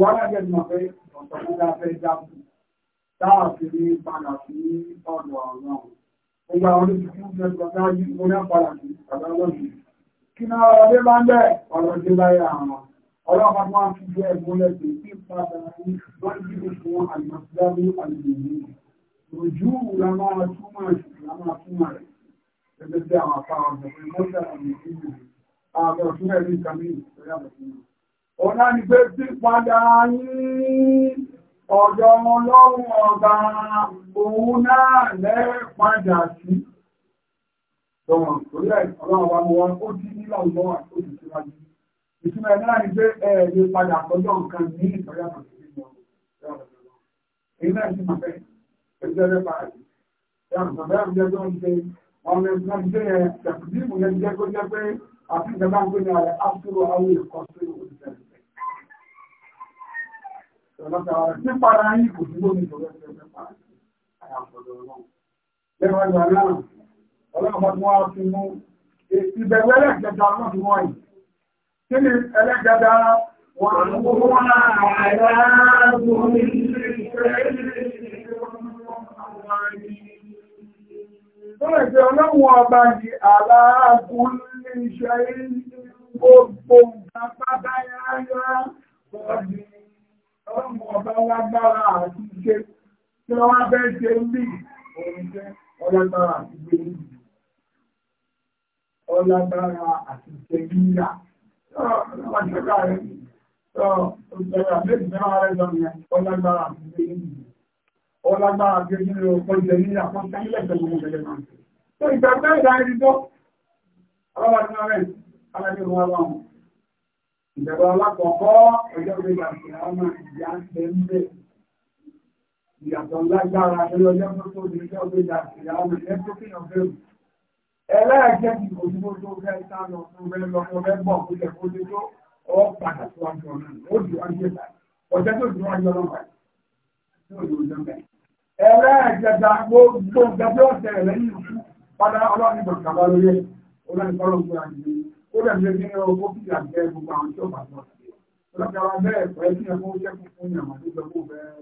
wọ́n rẹ̀ mọ̀ pé ọ̀sán tó dá fẹ́ jábù táàkiri padà sí ọ̀dọ̀ àwọn ọgbà oríṣìí mẹ́gbọ̀n náà yìí mo náà padà sí àbáwọ̀dì kí náà ọdẹ bá ń bẹ̀ ọ̀rọ̀ fún àlùmọ̀síláàbí àlùmọ̀ní lójú la máa túmọ̀ la máa àmì ìlú Ọ̀nà ni pé bí padà yín ọ̀dọ̀ ọlọ́run ọba òun náà lẹ́ẹ̀padà sí. Tọ́wọ̀n torí ẹ̀ ọlọ́run wa ó ti nílà ọgbọ́n wà ti síwájú. Ìtumọ̀ náà ni pé ẹ lè padà sọ́jọ́ nǹkan ní ìtọ́jà kan sí ìlú ọ̀rọ̀. Èyí náà ti máa fẹ́ ẹgbẹ́ rẹ̀ báyìí. Yàtọ̀ bẹ́ẹ̀ ń jẹ́ tó ń ṣe ọmọ ẹgbẹ́ ṣe ẹ̀ tẹ̀kùdí ìmùlẹ̀ jẹ́ kó jẹ́ pé àfihàn bá Nípara yìí kò dúró ní ìjọba ẹgbẹ́ pàdé, àyàfọ̀dọ̀ ọlọ́run. Lẹ́nu ẹgbẹ́ náà, ọlọ́run bá tún wá fi mú ìbẹ̀rù ẹlẹ́gbẹ̀ta ọlọ́run fi wọ́n yìí. Kí ni ẹlẹ́gbẹ̀ta wọn àwọn aláàbò Bọ́lá ìjọ ọlọ́run ọba ni aláàbò ní iṣẹ́ gbogbo nǹkan pátá yáyá bọ́ọ̀dì ọlọ́run ọba lágbára àti ṣe tí wọ́n wá bẹ́ẹ̀ ṣe ń bí òun jẹ́ ọlágbára àti ṣe ń ọlágbára àti ṣe ọlágbára àti ṣe ọlágbára tí ó nílò ọjọ́ ní àwọn tẹ́lẹ̀tẹ̀lẹ̀ ìgbẹ̀lẹ̀ Ìjọba alákọ̀ọ́kọ́ ọjọ́ ìgbà ìṣẹ̀lẹ̀ ìyá ń bẹ ń bẹ. Ìyàtọ̀ lágbára lórí ọjọ́ tó tó di ọjọ́ ìgbà ìṣẹ̀lẹ̀ ọmọ ìyẹn tó fìyàn bẹ̀rù. Ẹlẹ́ẹ̀kẹ́ ti kò sí tó fẹ́ sá lọ fún bẹ́ lọ fún bẹ́ bọ̀ kó jẹ kó dé tó ọ padà tó wá jọ náà. Ó di wájú ìgbà. Ọjọ́ tó di wájú ọlọ́pàá. Ẹlẹ́ẹ̀kẹta gbogbo ìjọba ọ̀sẹ̀ rẹ̀ padà ọlọ́run ìgbà ó dẹ̀ lé nínú owó fìdí àgbẹ̀ gbogbo àwọn tí ó bá lọ sí ọlọ́kàwá bẹ́ẹ̀ pẹ́ kí ẹ fún ṣẹ́kùn fún ìyàwó tó sọ fún bẹ́ẹ̀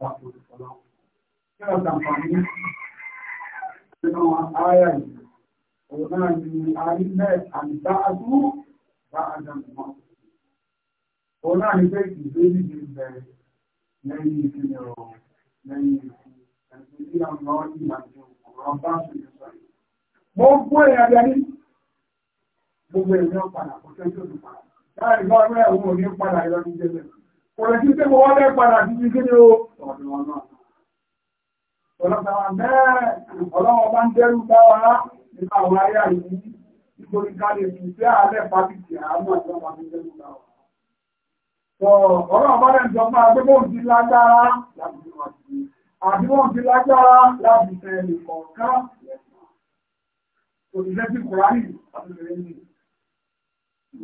wà tó ti sọ lọ́wọ́ kí ọ sàǹfààní nínú ààyà yìí òun náà ni ààrí bẹ́ẹ̀ àdìbá àdú bá àdàmọ́ òun náà ni pé ìgbé níbi ìbẹ̀ lẹ́yìn gbogbo ẹ̀mí ọ̀padà kò tẹ́ tó dùpà. Láàrin bá rẹ̀ òun ò ní padà yọ ní jẹ́lẹ̀. Kò lè tún tẹ́wọ́ wọlé padà sí ti kí ni ó ọ̀dọ̀ ọ̀nà. Ọlọ́pàá bẹ́ẹ̀ ọlọ́wọ́ bá ń dẹ́rù bá wa nípa àwọn ayé àìní nítorí ká lè fi fẹ́ àárẹ̀ pàtìkì àánú àti ọmọ àti dẹ́rù bá wa. Sọ ọlọ́wọ́ bá rẹ̀ jọ máa gbé bóun ti lágbára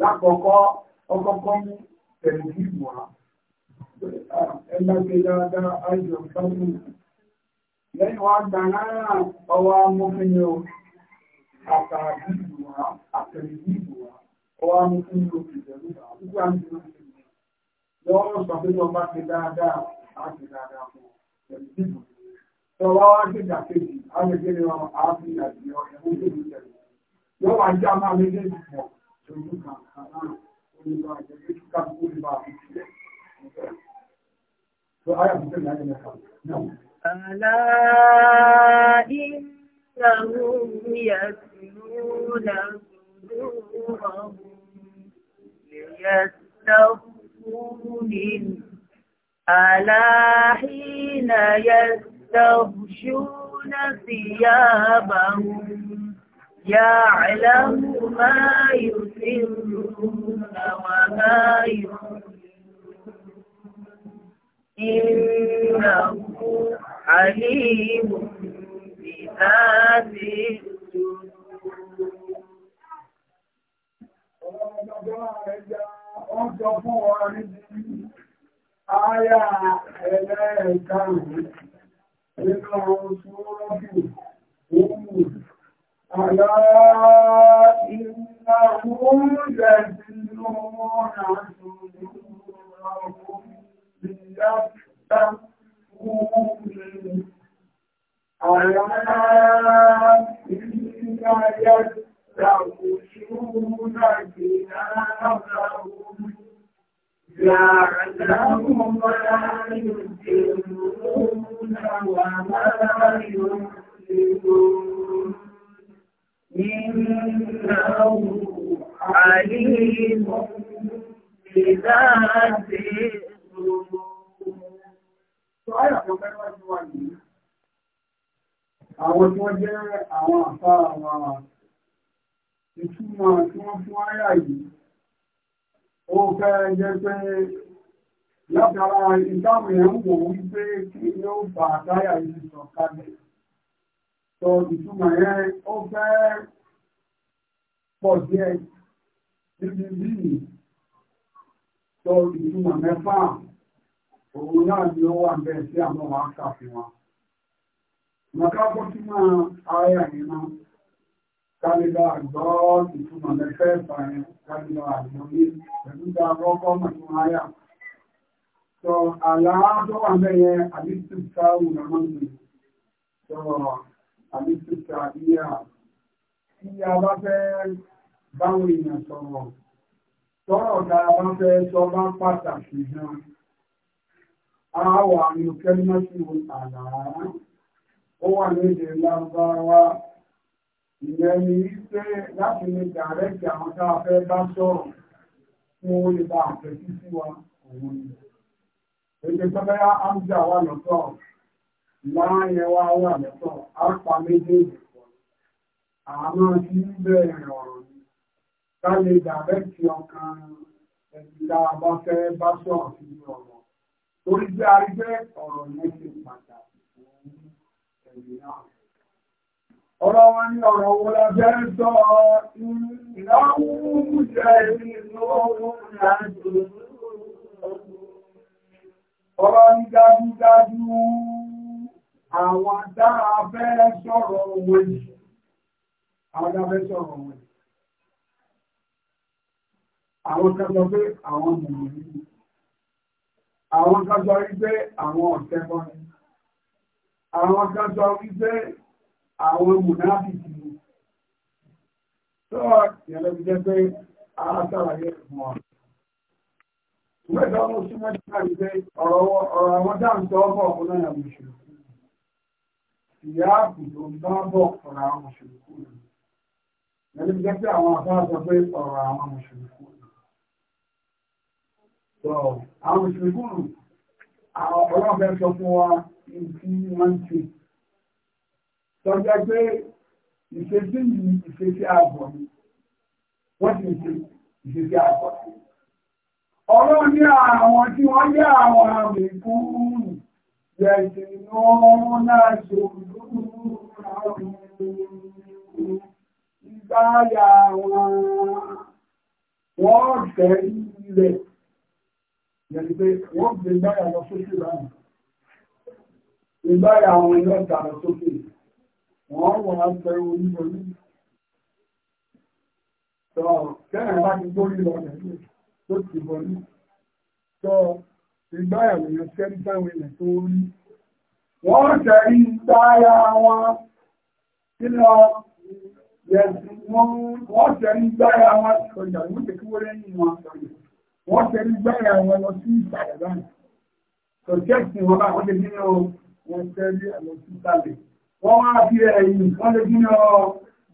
lákọ̀ọ́kọ́ ọkọ̀ọ́kọ́ mú pẹ̀lú ìwà dáadáa àìjọ sọ́mù lẹ́yìn wá gbà náírà ọwọ́ amúfinye o àtàrí ìwà àtẹ̀lú ìwà ọwọ́ amúfinye o àti lọ́wọ́ ti dáadáa àti dáadáa fún wá sí ìdàkejì á lè gbé ní wọn ألا إنهم يسلون صدورهم ليستغفوا منه ألا حين يستغشون ثيابهم يعلمون ما يسرون وما يعلنون إنه عليم بذات Ọjọ́ fún ọ̀rí ayá ẹlẹ́ẹ̀kàrùn-ún nínú ọ̀rọ̀ tí ó rọ́pù, ó mú ألا إنهم يزنون صدورهم ليستخفون ألا إن يستغشون ثيابهم جعلهم لا يسرون ولا يفسدون إنه Àwọn tí wọ́n jẹ́ àwọn àfá àwọn ìtumọ̀ tí wọ́n fún àyà yìí, ó fẹ́ jẹ́ pé látara ìtàwẹ̀ ń wò wípé kí ni ó bà àtàyà yìí sọ̀kalẹ̀. sọ ìtumọ̀ yẹn ó fẹ́ pọ̀ díẹ̀ níbi bíi sọ ìtumọ̀ mẹ́fà òun náà ni ó wà bẹ́ẹ̀ sí àwọn ọmọ àkàfin Màkàbọ̀ tí máa ara yìí náà kálíbà àgbọ́ ìtumọ̀ mẹ́fẹ́ ìfàyẹn kálíbà àgbọ́ yìí pẹ̀lú ìgbà àkọ́kọ́ Sọ àlàá tó wà àdìsí náà mọ́ àdísíkà àdíyà tí a bá fẹ́ báwọn èèyàn sọ̀rọ̀ tọ́rọ̀ tá a bá fẹ́ sọ bá pàtàkì gan a wà ní kẹ́límọ́sí àlàá ó wà nídìí lárúbáwá ìyẹn ni wípé láti lè dàrẹ́kì àwọn tá a fẹ́ bá sọ̀rọ̀ fún owó lè bá àfẹ́ sí sí wa òun ni. èdè tọ́lẹ́yà amújà wà lọ́tọ̀ ọ̀hún láàrin wa wà lọ́tọ̀ apá méjèèjì pọ̀ àmọ́ tí ń bẹ̀rẹ̀ ọ̀rọ̀ ni ká lè dàbẹ́tì ọkàn ẹ̀sìn tá a bá fẹ́ bá sọ̀rọ̀ sí ọ̀rọ̀ torí pé a rí pé ọ̀rọ̀ yẹn ṣe pàtàkì fún ẹ̀yìn náà. ọ̀rọ̀ wọn ni ọ̀rọ̀ wo la fẹ́ sọ ìnáwó jẹ́ ìlú ọ̀hún ìrìnàjò ọ̀rọ̀ ní dájúdájú àwọn dáa fẹ́ sọ̀rọ̀ wọn yìí àwọn dáa fẹ́ sọ̀rọ̀ wọn yìí àwọn kan sọ pé àwọn mọ̀mọ́ yìí àwọn kan sọ wípé àwọn ọ̀tẹ̀ wọn àwọn kan sọ wípé àwọn mùnáfìkì tó ìyẹ̀lẹ́bí jẹ́ pé ara sàlàyé fún wa Ìwé ìdánwò súnmọ́ sí àìsẹ́ ọ̀rọ̀ àwọn dáǹtọ́ ọmọ ọ̀pọ̀ náà yàmùsùn ìyá àbùdó ń bá bọ̀ ọ̀rọ̀ àwọn mùsùlùkù rẹ̀. Lẹ́nu jẹ́ pé àwọn afárá sọ pé ọ̀rọ̀ àwọn mùsùlùkù rẹ̀. Sọ àwọn mùsùlùkù rẹ̀ àwọn ọlọ́fẹ́ sọ fún wa tí wọ́n ń ṣe. Sọ jẹ́ pé ìṣesí yìí ìṣesí ààbọ̀ ni. Wọ́n ti ṣe ìṣesí ààbọ̀ sí. Ọlọ́run ní àwọn tí wọ́n jẹ́ يجنون جنونهم ìgbáyà wọn wọ́n tẹ̀ ilẹ̀ yẹ̀lẹ́gbẹ́ wọ́n gbé ìgbáyà lọ sókè láàrín ìgbáyà wọn yọ́ dàrọ sókè wọ́n wọ́n á tẹ orí orí tọ́ kẹ́rẹ̀ bá ti gbórí lọ nàìjíríà tó ti bọ̀ ní tọ́ ìgbà ìròyìn kẹ́rí táwọn ilẹ̀ tó rí wọ́n tẹ̀rí gbáyà wọn nínú yẹ̀sùn wọ́n tẹ̀rí gbáyà wọn ọjà ìwọ́n tẹ̀ kí wọ́n lẹ́yìn wọn wọ́n tẹ̀rí gbáyà wọn lọ sí ìsàlẹ̀ báyìí tó jẹ́sìn wọn bá wọ́n lè nínú wọn tẹ̀rí àlọ́ sí ìsàlẹ̀ wọ́n wá fi ẹ̀yìn wọ́n lè nínú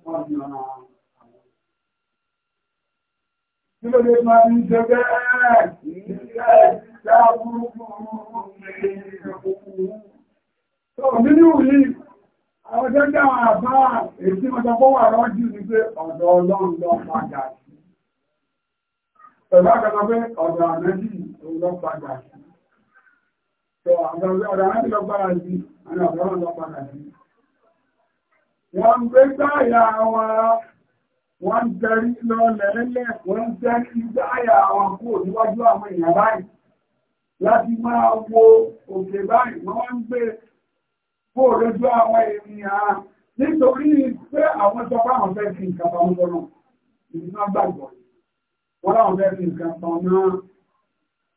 wọn ní ọ̀nà Kí ló dé máa ń jẹ bẹ́ẹ̀? Òmìnú ní àwọn jẹ́jẹ́ àwọn àbá èsì ọjọ́gbọ́ wà rọ́jú ní pé ọ̀dọ̀ ọlọ́run lọ padà sí. Pẹ̀lú àkàtà pé ọ̀dọ̀ àmẹ́jì lọ padà sí. Tọ́ ọ̀dọ̀ àmẹ́jì lọ padà sí, àwọn ọ̀dọ̀ lọ padà sí. Wọ́n gbé gbáyà wọn wọ́n tẹ́rí lọ lẹ́lẹ́lẹ́ wọ́n tẹ́rí gbáyà wọn kúrò níwájú àwọn èèyàn báyìí láti máa wo òkè báyìí wọ́n ń gbé fó lójú àwọn ènìyàn nítorí pé àwọn sọ pé àwọn fẹ́ fi nǹkan pa wọn lọ́nà ìdíná gbàgbọ́ wọn láwọn fẹ́ fi nǹkan pa wọn náà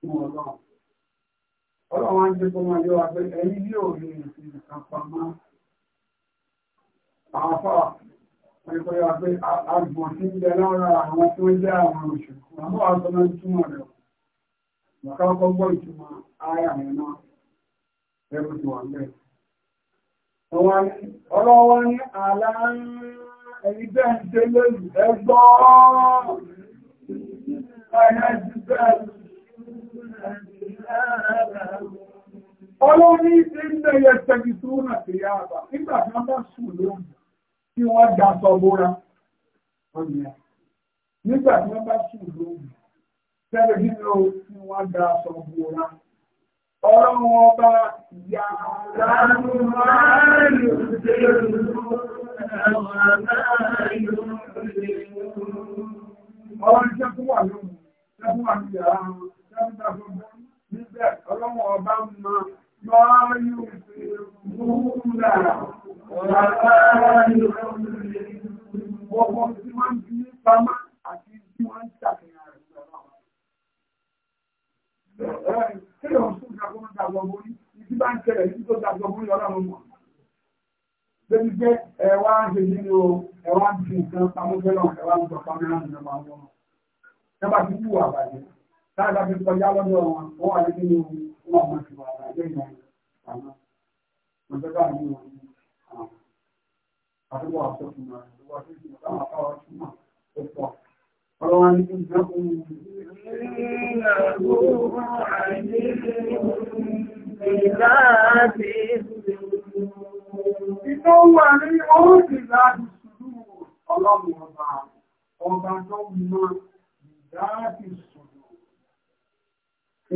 wọn lọ ọlọ́run á ń jẹ́ kó máa yọ wa pé ẹ̀yìn ní òòlù ìfi nǹkan pa mọ́ àwọn afọ wọn yọ pé àgbọ̀n tí ń bẹ lọ́rọ̀ àwọn tí wọ́n jẹ́ àwọn òṣèlú àmọ́ àwọn túmọ̀ rẹ̀ wọ́n. Àkọ́kọ́ gbọ́ ìtumọ̀ agha rẹ̀ náà, ẹrù ti wà bẹ́ẹ̀. Ọlọ́wọ́ ní àlá ẹni bẹ́ẹ̀ ń ń bẹ̀yẹ ṣẹ́gi tó nígbà tí wọ́n bá sùn tí wọ́n sọ bóra. Nígbà Sẹ́lẹ̀ nínú òfin wọn da aṣọ ìbora. Ọ̀rọ̀ wọn bá ìyá aláàánú láàárín òṣèlú àwọn aláàárín òṣèlú. Ọ̀rọ̀ iṣẹ́ tó wà lóhùn, iṣẹ́ tó wà ní yàrá wọn, iṣẹ́ tó dá fún bọ́. Níbẹ̀ ọlọ́wọ́n ọba ma lọ́ọ́rí òṣèlú múlá ọ̀rọ̀ aláàárín òṣèlú. Gbogbo tí wọ́n ń fi pamọ́ àti tí wọ́n ń ṣàkóso kéèyàn sùn dàgbọ́ ní dàgbọ́ borí ibi bá ń tẹ̀lẹ̀ ibi tó dàgbọ́ borí ọlọ́run mọ̀. Débi pé ẹ wá ń ṣe nínú ẹ wá ń fi nǹkan pamọ́ fẹ́lọ̀ ẹ wá ń sọ pamọ́ náà nínú àwọn ọmọ. Ẹ bá ti wù àbàjẹ́ láti bá fi kọjá lọ́dọ̀ wọn wọ́n wà nínú wọn ọmọ ti wà àbàjẹ́ yẹn àná. Mo fẹ́ bá mi wọ̀ ní àdúgbò àtọ́kùnrin àdúgbò àtọ́kùnrin àtàwọn àtọ́kùnrin ọlọ́wọ́n ní ìjọba إنه عليم بذات Ìtọ́wà ní oókè láti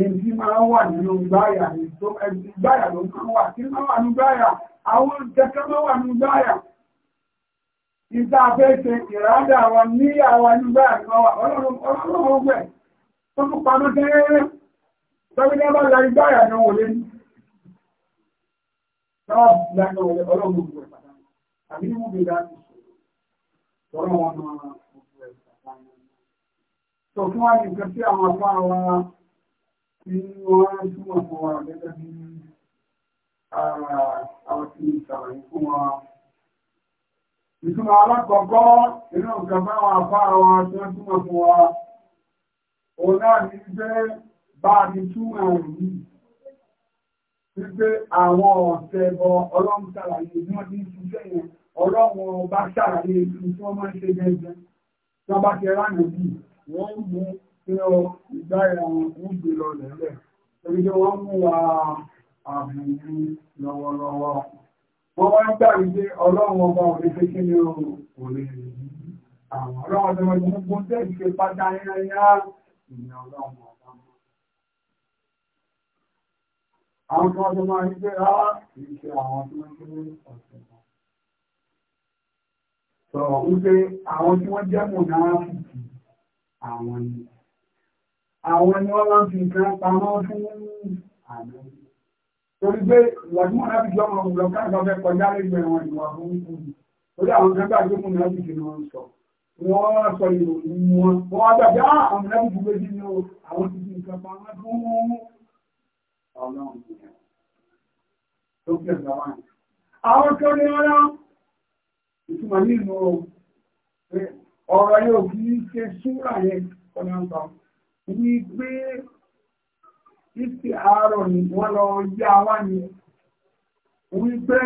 Èyí máa wà nínú gbáyà ní tó ẹgbẹ̀ gbáyà ló máa wà, kí máa wà ní gbáyà, àwọn máa wà ní gbáyà. fẹ́ ṣe ìrádà wa ní àwọn tó tún pamọ́ gẹ́rẹ́rẹ́ lọ́gbẹ́dẹ́ bá larí gbáyà ní wọlé ní Sọ fún wa nìkan tí àwọn afá wa tí wọ́n túnmọ̀ fún wa gẹ́gẹ́ bí àwọn tí ìṣàlàyé fún wa. Ìtumọ̀ alákọ̀ọ́kọ́ inú ìjọba àwọn afá wa tí wọ́n túnmọ̀ fún wa òun náà ní pé bá a ní tú àrùn yìí wípé àwọn ọ̀sẹ̀ bọ ọlọ́run ṣàlàyé ní wọ́n ti ń ṣiṣẹ́ yẹn ọlọ́run ọba ṣàlàyé ibi tí wọ́n máa ń ṣe gẹ́gẹ́ tí wọ́n bá ti ránà yìí wọ́n ń mú pé ọ ìgbà ìràwọ̀n ń gbé lọ lẹ́lẹ̀ torí pé wọ́n mú wa àmì lọ́wọ́lọ́wọ́ wọ́n wá ń gbà wípé ọlọ́run ọba ò lè ṣe kí ni ò lè rí àwọn ọlọ́run ọba ò lè mú gbóńtẹ́ ìṣe pátá yányá ìyẹn ọlọ́run ọ̀dá mọ́. Àwọn tó wọ́n tó máa ń gbé rárá kìí ṣe àwọn tó ń gbé ọ̀sẹ̀ wọn. Sọ̀rọ̀ wípé àwọn tí wọ́n jẹ́ mọ̀ náà fìtì àwọn ni. Àwọn ni wọ́n máa ń fi nǹkan pamọ́ fún àná. Torí pé ìwàdúmọ̀ náà fi jọmọ̀ ọ̀gbọ̀n káàkiri ọ̀fẹ́ kọjá lẹ́gbẹ̀ẹ́ wọn ìwà burúkú. Torí àwọn kan gbàgbé mọ̀ náà fìtì ni wọ́n ń sọ̀rọ̀ wọ́n sọ ìròyìn ah, o àwọn ti fi nǹkan pa wọn fún ọlọ́run tó fi ẹ̀gbà wá ní. àwọn kan ní ọlá ìtumọ̀ nínú ọ̀rọ̀ yóò kì í ṣe súrà yẹn ọ̀nà ń pa pé ìsì àárọ̀ ni wọ́n lọ yá wá ní wípé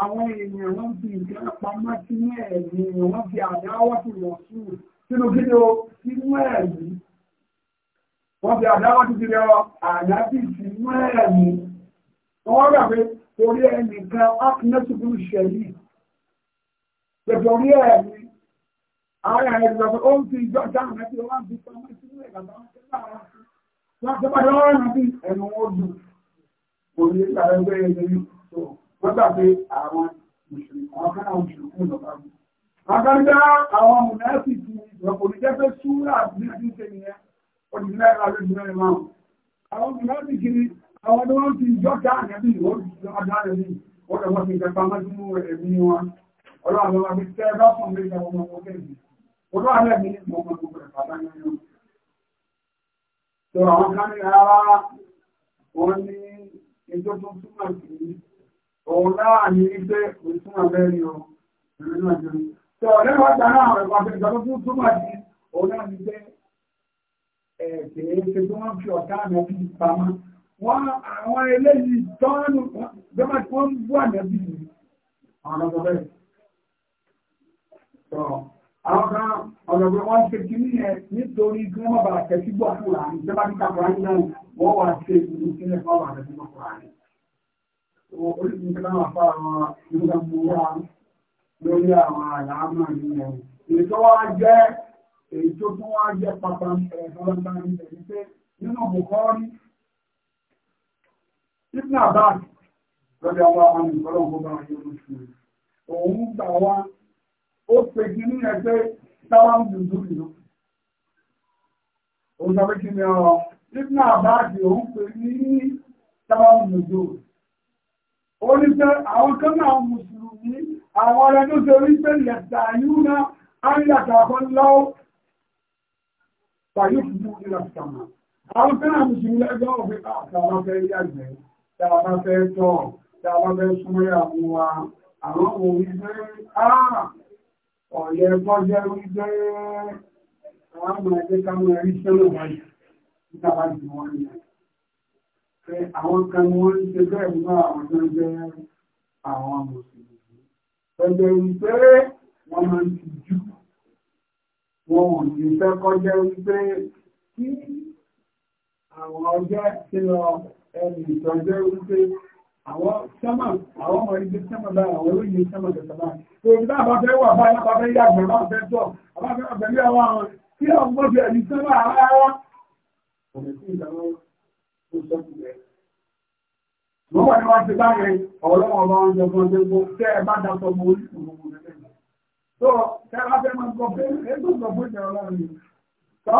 àwọn èèyàn wọ́n fi nǹkan pamọ́ sínú ẹ̀mí wọ́n fi àdáwọ́ tó wọ̀ sùn sínú kíni o sínú ẹ̀mí wọ́n fi àdáwọ́ tó kiri ọ àdábì sínú ẹ̀mí wọ́n rà pé torí ẹnìkan ákínẹ́sùkú ṣẹ̀lì pẹ̀tọ́rí ẹ̀mí ara ẹ̀rí lọ pé ó ń fi ìjọ dáhùn mẹ́tì wọ́n fi pamọ́ sínú ẹ̀gbà tó wọ́n ti bá wọn sí ẹ̀mí wọn dùn wọ́n gbà pé àwọn mùsùlùmí lọ́pàá mú. Àgbàrígbà àwọn mùnẹ́sì ti ìrọ̀pọ̀lù jẹ́ pé súrà bí i ṣe nìyẹn, ó ti lẹ́ àlejùmẹ́rin márùn-ún. Àwọn mùnẹ́sì kiri, àwọn wọ́n ti jọ́jà àyẹ̀bí ìwọ́n àwọn kan ní ara wọn òun náà ní wípé òṣùn abẹ́rin o ìrìn náà jẹun tó ọ̀rẹ́ wá gbà náà àwọn ẹ̀kọ́ àfẹ́jọ́ tó tún túmọ̀ sí òun náà ní pé ẹ̀ẹ́dẹ̀ ṣe tó wọ́n fi ọ̀tá àmọ́bí pamọ́ wọ́n àwọn eléyìí tọ́nù gbẹ́mà tí wọ́n ń bú àmọ́bí yìí àwọn ọ̀dọ́ bẹ́ẹ̀ tó àwọn kan ọ̀dọ̀ pé wọ́n ṣe kí ní ẹ̀ nítorí kí wọ́n bàa tẹ̀sígbọ̀ fúnra ní sẹ́bàtìkà fúnra ní náà wọ́n wà ṣe ìlú sílẹ̀ fọ́wọ́ àtẹ̀sígbọ̀ fúnra oríṣìíkan àpá àwọn ìgbàmúwà lórí àwọn àlàámà nìyẹn èyí tó wá jẹ́ èyí tó tún wá jẹ́ pàpà ẹ̀ẹ́dọ́lọ́gbà nílẹ̀ ní pé nínú bùkọ́rí ibn abbas lọ́dọ̀ àwọn àwọn ìgbọ́lọ́ gbogbo àwọn yóò fi òun gbà wá ó pè kí ní ẹgbẹ́ sáwọn dùdú ìlú òun sọ pé kí ni ọ ibn abbas òun pè ní sáwọn dùdú ìlú oríṣẹ́ àwọn kan náà mùsùlùmí àwọn ọ̀rẹ́ tó ṣe oríṣẹ́ lẹ̀dà yúnà áyàtà kan lọ́wọ́ pàyó fún mú nílà sàmà àwọn kan náà mùsùlùmí lẹ́gbẹ́ ọ̀fẹ́ àtàwọn ah, fẹ́ yàgbẹ́ tàbá fẹ́ tọ́ tàbá fẹ́ súnmọ́yàwó wa àwọn oríṣẹ́ ah, ọ̀yẹ́ kọjẹ́ oríṣẹ́ àwọn ọmọ ẹgbẹ́ káwọn ẹrí sẹ́lẹ̀ wáyé àwọn kan ni wọ́n ń ṣe bẹ́ẹ̀ nínú àwọn tó ń jẹ́ àwọn mùsùlùmí ẹgbẹ́ ìpẹ́ wọ́n máa ń ti jù wọn ò ní fẹ́ kọjá wípé kí àwọn ọjọ́ ti lọ ẹni ìtọ́jọ́ wípé àwọn sẹ́mà àwọn ọmọ ilé sẹ́mà lára àwọn olóyè sẹ́mà tẹ̀sán náà tó ní bá bá fẹ́ wà bá yàpá fẹ́ yàgbẹ́ bá fẹ́ tọ̀ àbá fẹ́ wà pẹ̀lú àwọn tí àwọn ọmọ bẹ̀rẹ̀ ní sẹ́mà ara wa tó sẹ́kù rẹ̀. Mo wà ní wá ti báyẹn ọ̀rọ̀lọ́wọ́ bá ń jọgbọ́n jẹgbó tẹ́ ẹ bá dàpọ̀ mọ́ orí ìgbòho rẹ̀. Tó tẹ́ bá fẹ́ máa gbọ́ pé ti sọ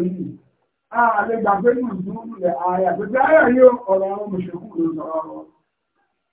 yìí, ààrẹ gbàgbé nù ìdúró lẹ̀ ààrẹ àgbẹ̀gbẹ̀ ayà yóò ọ̀rọ̀ àwọn mùsùlùmí ló sọ̀rọ̀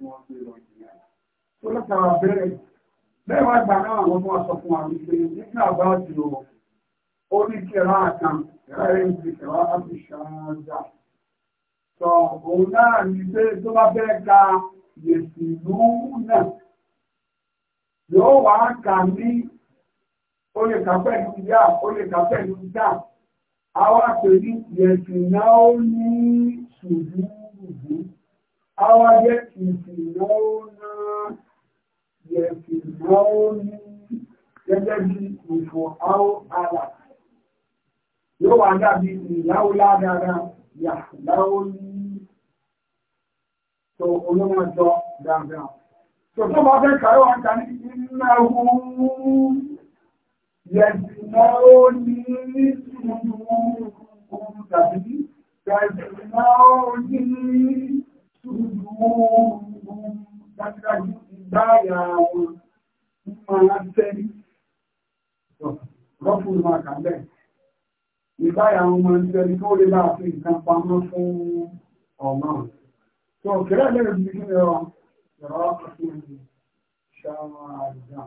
tí wọ́n gbé lọ ìyá. Tó látara bẹ́rẹ̀, bẹ́ẹ̀ wá gbà náà ti lò ó ní kẹrà kan, kẹrà rẹ̀ ń fi kẹrà láti ṣáájà. Sọ òun náà ní pé tó bá bẹ́ẹ̀ ka yèsì lóhùn náà, yóò wá kà ní ó lè kà pẹ̀lú ìyá, ó lè kà pẹ̀lú náà ó ní sùúrù Àwa yẹ kì í fi náwó náà yẹ kì í náwó ní gẹ́gẹ́ bí ìfò áwọ̀ ara. Yóò wá dàbí ìyáwó ládàra yà láwó ní tó olómọjọ dáadáa. Tòtò bá fẹ́ kàrí wọn kà ní ìnáwó yẹ kì í náwó ní ìtumọ̀ tàbí yẹ kì í ní ṣùgbọ́n dájúdájú ìgbáyà wọn ní máa látẹ́rí rọ́pùn máa kàlẹ̀ ìgbáyà wọn máa ń tẹ́rí tó lè bá fi nǹkan pamọ́ fún ọ̀nà tó kẹ́rẹ́ lẹ́rẹ̀ bí kí lọ ìrọ̀ ọ̀sìn ṣàwọn àjà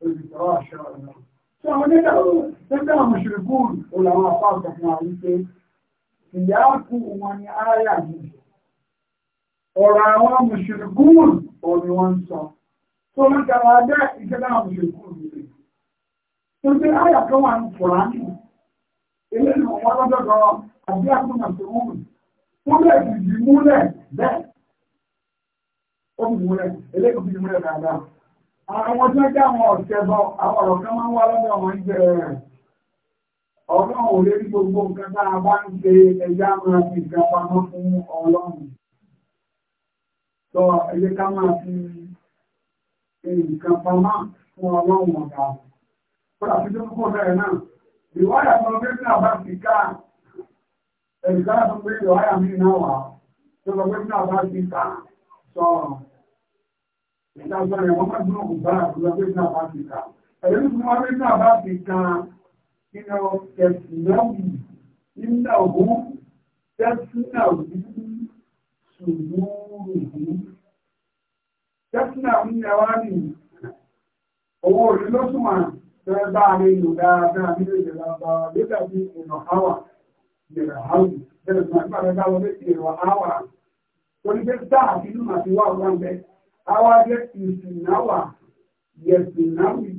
olùsọ̀rọ̀ àṣà ọ̀nà tí àwọn onídàáwó tẹ́gbẹ́ àwọn ṣùgbọ́n òun làwọn apá àgbà fún àwọn ìṣe ọ̀rọ̀ àwọn mùsùlùmùn òní wọ́n ń sọ tó ń tara adé ìjọba àwọn mùsùlùmùn nílé tó ń pè áyà kan wà ní fòránì ilé ní ọ̀wọ́ lọ́dọ̀dọ̀ àbí àkúnà tó wù tó lè fi yìí múlẹ̀ bẹ́ẹ̀ ó fi múlẹ̀ eléyìí fi múlẹ̀ dáadáa àwọn tó ń jẹ́ àwọn ọ̀sẹ̀ bọ àwọn ọ̀rọ̀ kan máa ń wá lọ́dọ̀ wọn jẹ́ ọlọ́run ò lè rí gbogbo nǹkan tá a bá ń ṣe ẹja máa fi ìjọba mọ́ fún ọlọ́run lọ ẹyẹ ká máa fi nǹkan pamọ́ fún ọlọ́run ọ̀gá kọ́lá fi tó kọ́ bẹ́ẹ̀ náà ìwádà tó gbé ní àbá ti ká ẹ̀ríkà tó gbé ìwádà mí náà wà tó gbé ní àbá ti ká sọ ìdájọ́ rẹ̀ wọ́n máa gbọ́n kò bá àbúrò gbé ní àbá ti ká ẹ̀rí tó wọ́n gbé ní àbá ti ká nínú ẹ̀sìn náà nínú ọ̀gbọ́n tẹ́sí náà sùúrù tẹ́sínà ń yẹ wá ní owó orí ló súnmọ́ fẹ́ bá a lè lò dáadáa nínú ìjọba bá a lè dàbí ìrọ̀ áwà ìrọ̀ áwù bẹ̀rẹ̀ tó nípa bẹ́ẹ̀ dáwọ́ lẹ́sìn ìrọ̀ áwà tó ní pé wà wọn bẹ́ jẹ́ ìsìnáwà yẹ̀sìnáwì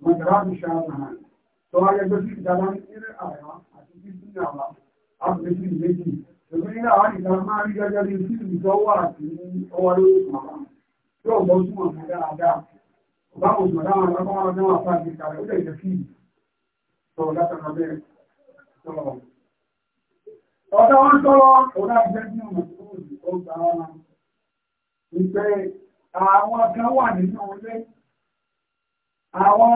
majalatu shafahan tó wáyé gbé sí ìjàmbá nílé àyà àti títí àbá àbùkù sí méjì èmi nílé àwọn ìta máa rí gẹ́gẹ́ bí sí ìjọ wà sí ọwọ́ lórí màmá tí ó bọ́ súnmọ̀ sí dáadáa ọba kò sọ̀rọ̀ àwọn alákọ̀ọ́ ọjọ́ wà fún àti ìkàlẹ̀ ó lè jẹ́ sí sọ̀rọ̀ látara bẹ́ẹ̀ sọ̀rọ̀. ọ̀dọ́ wọn sọ̀rọ̀ ọ̀dà ìjẹ́ nínú mọ̀tòkòrò ọgbà wọn wípé àwọn kan wà nínú ilé àwọn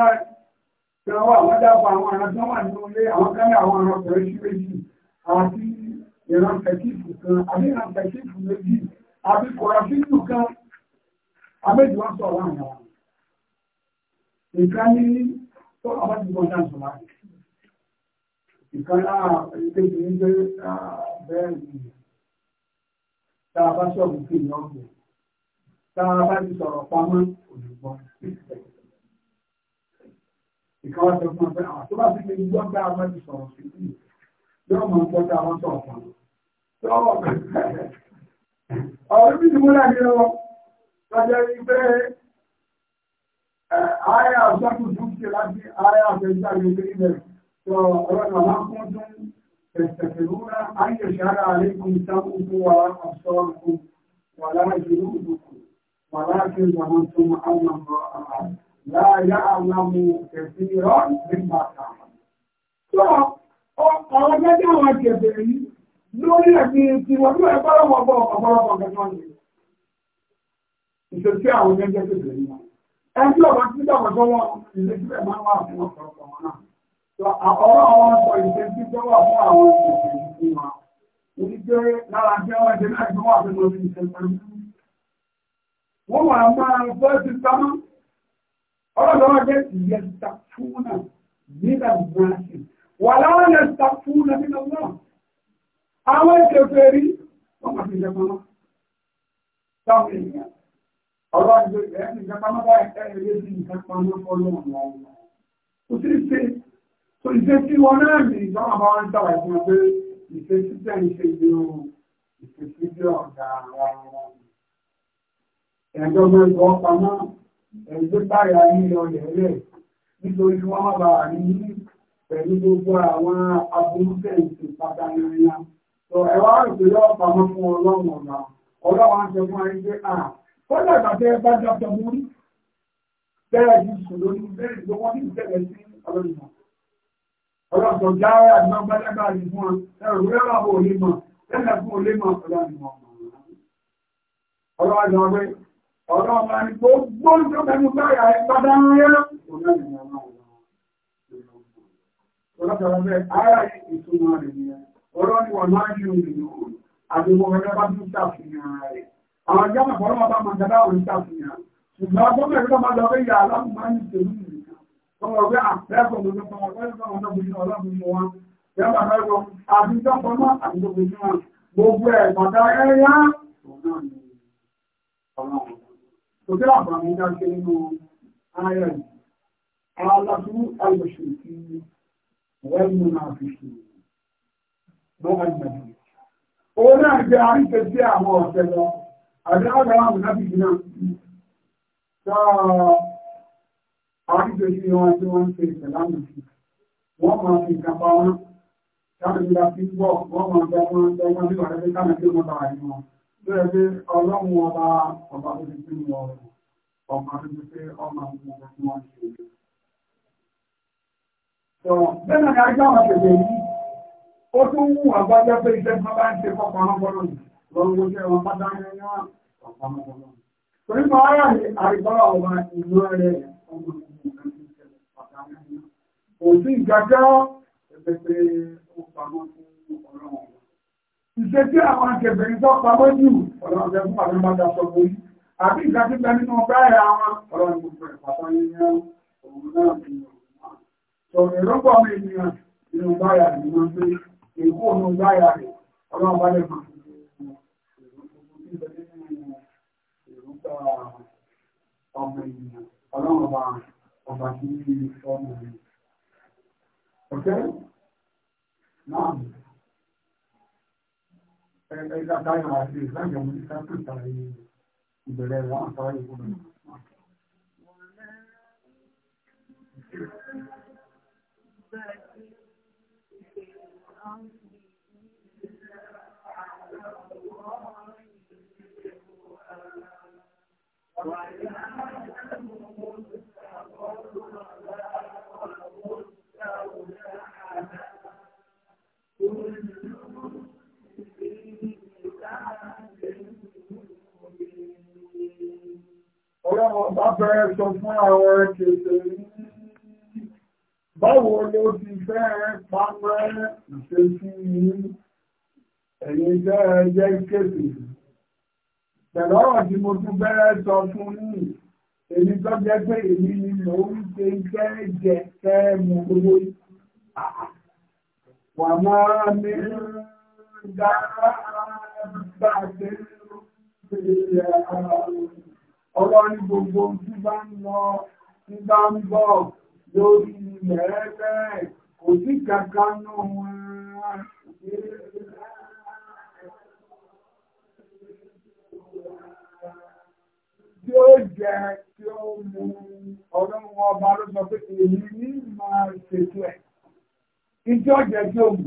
ìrànwọ́ àwọn dábọ̀ àwọn àràdán wà nínú ilé àwọn kánlẹ̀ àwọn ọ̀rọ̀kùnrin sí méjì àti ìran fẹ̀kífù kan àbí ìran fẹ̀kífù méjì àbí kọ̀rọ̀fíìfù kan àbẹ́jì wọ́n sọ̀rọ̀ àwọn àwọn nǹkan ní tó àwọn ti gbọ́n dáńsọ̀ láti nǹkan láà ìkejì ní pé bẹ́ẹ̀ ni tá a bá sọ̀rọ̀ sí ìyọ́gbẹ̀ tá a bá ti sọ̀rọ̀ pamọ́ òdùgbọ́n ìkan wá sọ fún ọ̀sẹ̀ àwọn tó bá fi lè gbọ́ tá a máa ti sọ̀rọ̀ sí i yóò máa ń pọ́ tá a máa sọ̀rọ̀ fún ọ̀rọ̀ bí mo láti lọ lọ́jọ́ ìgbé ààrẹ àgbàkùn tó ń ṣe láti ààrẹ àfẹ́jà lórí ilẹ̀ tó ọlọ́nà alákùn tó ń tẹ̀sẹ̀fẹ̀rúnà ayẹ̀ṣára àlékún sáàkùnkùn wà ọ̀ṣọ́ọ̀kùn wà láàájú ìlú ìdókùn wà láàájú ìgbàmọ́ tó máa ń lọ àmàlẹ́ لا ya كثيرا مما تعمل ọ̀rọ̀ jẹ́jẹ́ àwọn akẹ̀ẹ̀bẹ̀ yìí lórí ẹ̀mí tí wọ́n tó ẹgbẹ́ ọmọ ọgbọ́ ọ̀pọ̀lọpọ̀ gẹ́gẹ́ ní ìṣẹ́ tí àwọn jẹ́jẹ́ kẹ̀ẹ̀bẹ̀ wa ọlọ́dọ̀wọ́ jẹ́ yẹ̀sàfúnà nígbà máàsì wà láwọn yẹ̀sàfúnà nínú náà àwọn ìkẹfẹ́ rí wọ́n máa fi jẹpamọ́ sáwọn ènìyàn ọlọ́dọ̀ ẹ̀ẹ́sì jẹpamọ́ bá ẹ̀ẹ́rẹ́ lé sí nǹkan pamọ́ fọ́lọ́wọ́n láwọn kò sí ṣe tó ìṣe tí wọn náà ní ìjọba bá wọn dáwà ìfún pé ìṣe sí jẹ́ ìṣe ìṣe ìṣe sí jẹ́ ọ̀gá ara wọn ẹ̀ẹ́dọ́gbọ́n ìgbọ́ pamọ́ ẹ̀gbẹ́ báyà ní ọ̀yẹ̀ rẹ̀ nítorí wọ́n má bàa ní pẹ̀lú gbogbo àwọn aburúkẹ̀ǹtì pàtàkìyà tó ẹwà ìpínlẹ̀ ọ̀pá mọ́ fún ọlọ́run ọ̀la ọlọ́run á sọ fún ayé pé à kọ́lá ìgbàgbé bá dọ́tọ̀ mú rí bẹ́ẹ̀ ju sùn lórí bẹ́ẹ̀ ló wọ́n ní ìṣẹ̀lẹ̀ sí ọlọ́run ọlọ́run tó já ẹ̀ àgbà gbádágbà rí fún ọ ẹ̀rù rẹ̀ wà bó lè mọ̀ tẹ́lẹ̀ fún olè mọ̀ ọlọ́run mọ̀ ọ̀rọ̀ ọ̀la ni gbogbo tó mẹ́nu báyà ẹ padà ń rí ọ́nà ọ̀rọ̀ ara ìtumọ̀ rẹ̀ ni ọ̀rọ̀ ni wọ́n máa ń yí omi ní òun àti wọn ẹgbẹ́ bá tún ṣàfihàn rẹ̀ àwọn ẹgbẹ́ mọ̀ fọ́lọ́mọ bá máa gbádá òun ṣàfihàn ṣùgbọ́n gbọ́dọ̀ ìgbà máa lọ pé ìyá alámùmá ní ìṣèlú nìkan ọmọ ọgbẹ́ àfẹ́kọ̀ọ́ lọ́dún fún wọn fẹ́ẹ́ fọ́n ọdún ọlọ́run wọn yàrá mẹ́rọ àti ìjọpọ̀nà àti gbogbo ìjọba gbogbo ẹ̀ kò sí àǹfààní ká ṣe nínú ayé rẹ̀ aláṣú alùsùnkì wẹ́ẹ̀mù náà fi ṣe lọ́wọ́ ìgbàgbé òun náà jẹ́ àríṣe sí àwọn ọ̀sẹ̀ lọ àti àwọn àwọn àmì náà sọ àríṣe sí wọn tí wọ́n ń ṣe ìṣẹ̀lámù sí wọ́n máa fi ìkàpá wọn káàkiri àti wọ́n máa bẹ wọn bẹ wọn nígbà wà Bẹ́ẹ̀ni ọlọ́run ọba ọba tó ti fi wọ ọmọ tó ti fi ọmọ ọmọ tó wọ́n ṣe. Sọ bẹ́ẹ̀ ni ajá wọn ṣèṣe yìí, ó tún wù àgbájá pé iṣẹ́ tí wọ́n bá ń ṣe fọ́pọ̀ ọmọbọ́lọ́ yìí lọ́wọ́ gbogbo ẹ̀wọ̀n pátá ní wọn ọ̀pọ̀ ọmọbọ́lọ́. Torí ara rẹ̀ àrígbá ọba ìlú rẹ̀ ọmọ ìṣe tí àwọn akẹ̀bẹ̀rin tó pamọ́ jù ọ̀rọ̀ ọ̀fẹ́ fún àwọn ọmọdé aṣọ borí àbí ìgbà tí bẹ nínú ọgbà ẹ̀yà wọn ọ̀rọ̀ ìgbòkè pàtó yíyan òun náà fi hàn sọ̀rọ̀ ìrọ́pọ̀ ọmọ ènìyàn nínú ọgbà ẹ̀yà rẹ̀ wọ́n pé èkó nínú ọgbà ẹ̀yà rẹ̀ ọ̀rọ̀ ọgbà Esa Thank you. Ọlọ́run bá bẹ̀rẹ̀ sọ fún àwọn kèfè ní báwo ló ti fẹ́ pamọ́ ìṣesí yìí ẹ̀yin jẹ́ ẹjẹ́ kèfè. Pẹ̀lú ọ̀rọ̀ tí mo tún bẹ̀rẹ̀ sọ fún yìí, èmi tó jẹ́ pé èmi ni mò ń ṣe iṣẹ́ jẹ kẹ́ mu owó. Wà máa mi ń dára ọwọ́ ní gbogbo tí bá ń lọ tí bá ń bọ̀ lórí ilẹ̀ ẹgbẹ́ kò sí kàkà náà wọn tí ó jẹ tí ó mú ọlọ́run ọba ló sọ pé èyí ní máa ṣètò ẹ̀ ìjọ jẹ tí ó mú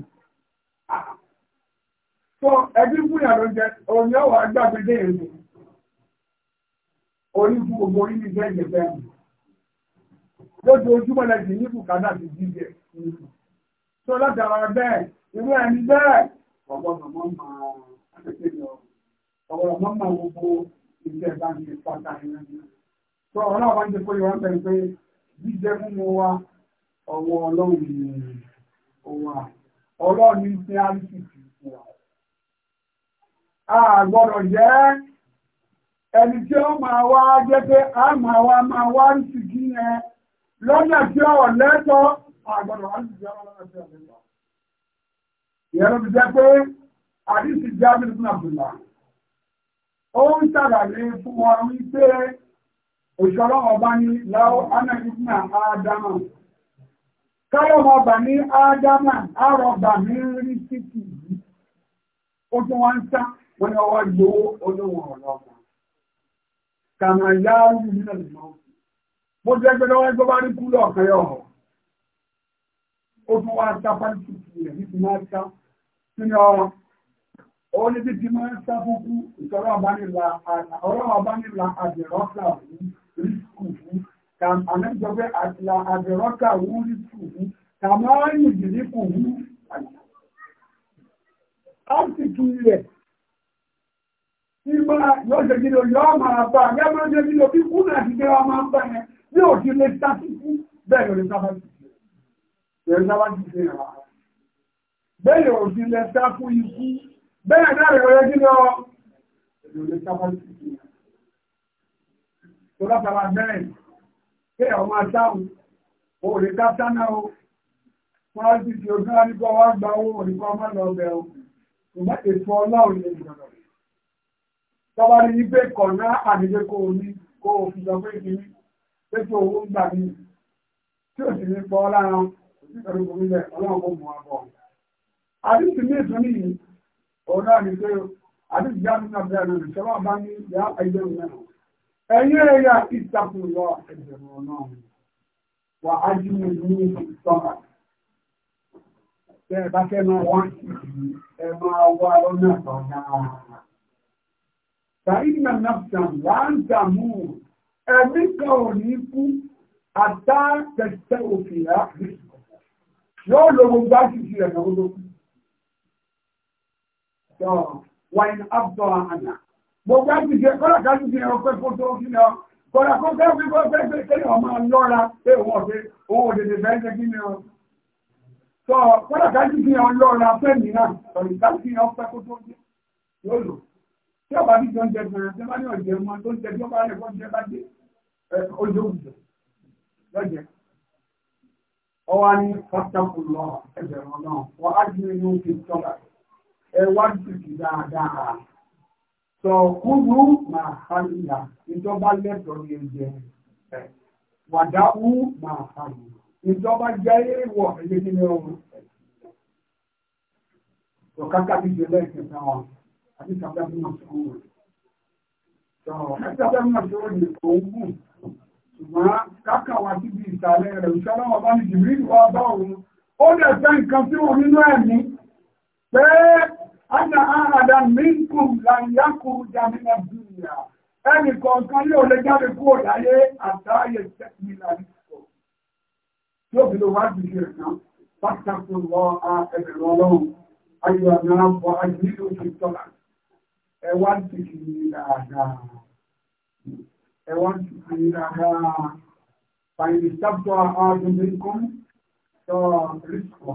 so ẹbí fún ìyàrá jẹ òun yóò wá gbàgbé dé èrò orí fún gbogbo orí ní bẹ́ẹ̀ yẹn bẹ́ẹ̀ lójoojúmọ́ lẹ́sì ní bùkátà ti jíjẹ tó látara bẹ́ẹ̀ irú ẹni bẹ́ẹ̀ ọgbọ́dọ̀ mọ́ máa ọgbọ́dọ̀ mọ́ máa gbogbo iṣẹ́ ìbáṣe pátá ìrìnàjò tó ọlọ́wọ́ ń jẹ́ kó yọ ọ́n bẹ́ẹ̀ pé jíjẹ mímú wa ọwọ́ ọlọ́run ni òwà ọlọ́run ní sí àrísìkì fún wa. a gbọ́dọ̀ jẹ́ ẹni tí ó máa wá jẹ́ pé a máa wá máa wá ń sì kí yẹn lọ́nà tí ó lẹ́tọ́ àgbọ̀dọ̀ wá ń sì jẹ́ lọ́nà tí ó lẹ́tọ́. ìyẹn ló fi jẹ́ pé àdìsí jábìlì fún àbùlà ó ń ṣàlàyé fún wọn wípé ní ádámà káyọ̀ ọba ní ádámà rí yìí ó tún wá ń sá wọn ni ọwọ́ kàmà yá lù nínú ìmọ̀ mo jẹ́ pé lọ́wọ́ ẹgbẹ́ bá rí kú lọ́ọ̀kan yọ̀ ó tún wá ta pálítì rẹ̀ ní ti máa ta sínú ọ̀rọ̀ ó ní bí ti máa ta fún kú ìtọ́rọ̀ àbánilà àdìrọ́kà rí sùkù fún àmẹ́jọ pé àtìlà àdìrọ́kà wú rí sùkù fún kàmá yìí dì ní kù wú. rẹ̀ Ìgbà yóò ṣe gílò yóò máa bá yẹ́mọ́ ṣe gílò bí kú náà ti gbé ọmọ ń bá yẹn ní òjì lè tàbí sí bẹ́ẹ̀ lórí sábà ti ṣe. Lórí sábà ti ṣe rà. Bẹ́ẹ̀ òjì lè sá fún ikú. Bẹ́ẹ̀ náà rẹ̀ rẹ̀ gílò lórí sábà ti Tó látara o. Wọ́n á ti ṣe o. Ìgbà ètò ọlọ́run ni tọ́ba rí pé kọ̀ọ̀nà àdìgbé kò ní kó o fi sọ pé kí ní pé kí owó ń gbà ní tí ò sì ní pọ́ lára ìtọ́jú kò nílẹ̀ ọlọ́run kò mú abọ́. àdìsí ní ìtúní yìí òun náà ní pé àdìsí já nínú abẹ́rẹ́ náà ní sọ́wọ́ bá ní ìyá ẹgbẹ́rún mẹ́rin. ẹ̀yin ẹ̀yà ìtàkùn lọ ẹgbẹ̀rún ọlọ́run wà á jí mi ní ìtọ́ka. bẹ́ẹ̀ bá fẹ́ máa wá ẹ máa wá lọ́nà tó sàìnà nàfṣà wà ń dààmú ẹ̀mí kan ò ní kú àtà tẹ̀tẹ̀ òkè á yóò lo gbogbo àṣìṣe rẹ̀ náà lókù. wàyìn abdọ́ àná gbogbo àṣìṣe kọ́lá káṣíṣe ọpẹ́ fótó kí ni ọ kọ́lá kó fẹ́ fi kọ́ fẹ́ fẹ́ kẹ́lẹ́ ọmọ lọ́ra pé òun ọ̀fẹ́ òun òdèdè fẹ́ jẹ́ kí ni ọ. sọ kọ́lá káṣíṣe ọ lọ́ra fẹ́ mìíràn sọ̀rọ̀ tí ọba ní jọ ń jẹ gbẹrẹ tí wọn ní ọjẹ wọn tó ń jẹ bí ọba rẹ wọn jẹ bá dé ọjọ́ òjò lọjẹ ọwọ ní pọtàkù lọ ẹgbẹ̀rún náà wọn á ju inú fi tọba ẹ wá tìtì dáadáa sọ kúrú máa ha níyà ìjọba lẹ́tọ̀ọ́ ní ẹjẹ ẹ wàdáwù máa ha ìjọba jẹ èèwọ̀ ẹgbẹ nínú ọrùn ọkàkà jẹ lẹ́ẹ̀kẹta wọn àti sàbẹ́bí mọ̀sùlùmí ẹ̀sẹ̀bẹ́bí mọ̀sùlùmí òun kù ṣùgbọ́n kákàwà sí ibi ìsàlẹ̀ rẹ̀ ìṣọ́lọ́wọ́ bá ní jìbìrì ìwà bá òun ó dẹ̀ fẹ́ nǹkan sí òun nínú ẹ̀mí pé ana àràdà mínkùn láyákù jàmínà dùnìyà ẹnì kọ̀ọ̀kan yóò lè jáde kúrò láyé àtàyè tẹ́kìlá nìkọ̀ tí ó fi lè wá jìbìrì rẹ̀ náà pátákó lọ ẹ̀rọ ọlọ́run ayọ̀ àmì àwọn àjìnlẹ̀ òṣèlú tọ́lá ẹ wá ń ti fi dáadáa ẹ wá ń ti fi dáadáa fàyè sábà ọdún kan sọ rísíkọ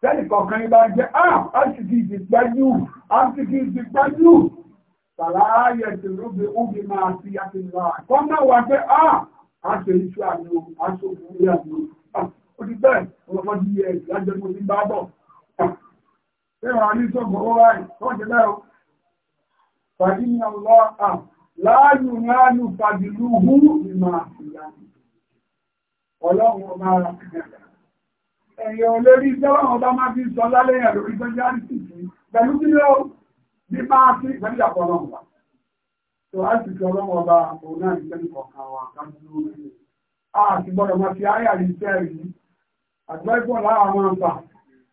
sẹ́ni kọ̀ọ̀kan ibà jẹ́ àtìkì ah, ìdìgbájú àtìkì ìdìgbájú sàlàyé tìrúbi ubi máa fi àtìlá kọ́nà wà pé àṣẹ ah, iṣu àlò aṣọ òfurufú àlò ó ti bẹ́ẹ̀ ọlọ́pàá di ẹ̀ ìdájọ́ mo ti bá bọ̀. Ah, ṣé wàá ní sọ́gbọ̀n ó wáyé wọ́n ti bẹ́ẹ̀ o. فإن الله لا ينال فضله بما فيه ọlọ́run ọba ẹ̀yàn olórí ìjọ́lọ́run ọba máa fi sọ lálẹ́ ẹ̀rọ ìjọjá sí sí pẹ̀lú kí ló bí máa sí pẹ̀lú ìjàpọ̀ ọlọ́run ọba tó a sì fi ọlọ́run ọba òun náà ní sẹ́nu kọ̀ọ̀kan wa kájú lórí a sì gbọ́dọ̀ máa fi ayà rí iṣẹ́ rí àgbẹ̀gbọ̀n láwọn ọmọ ọba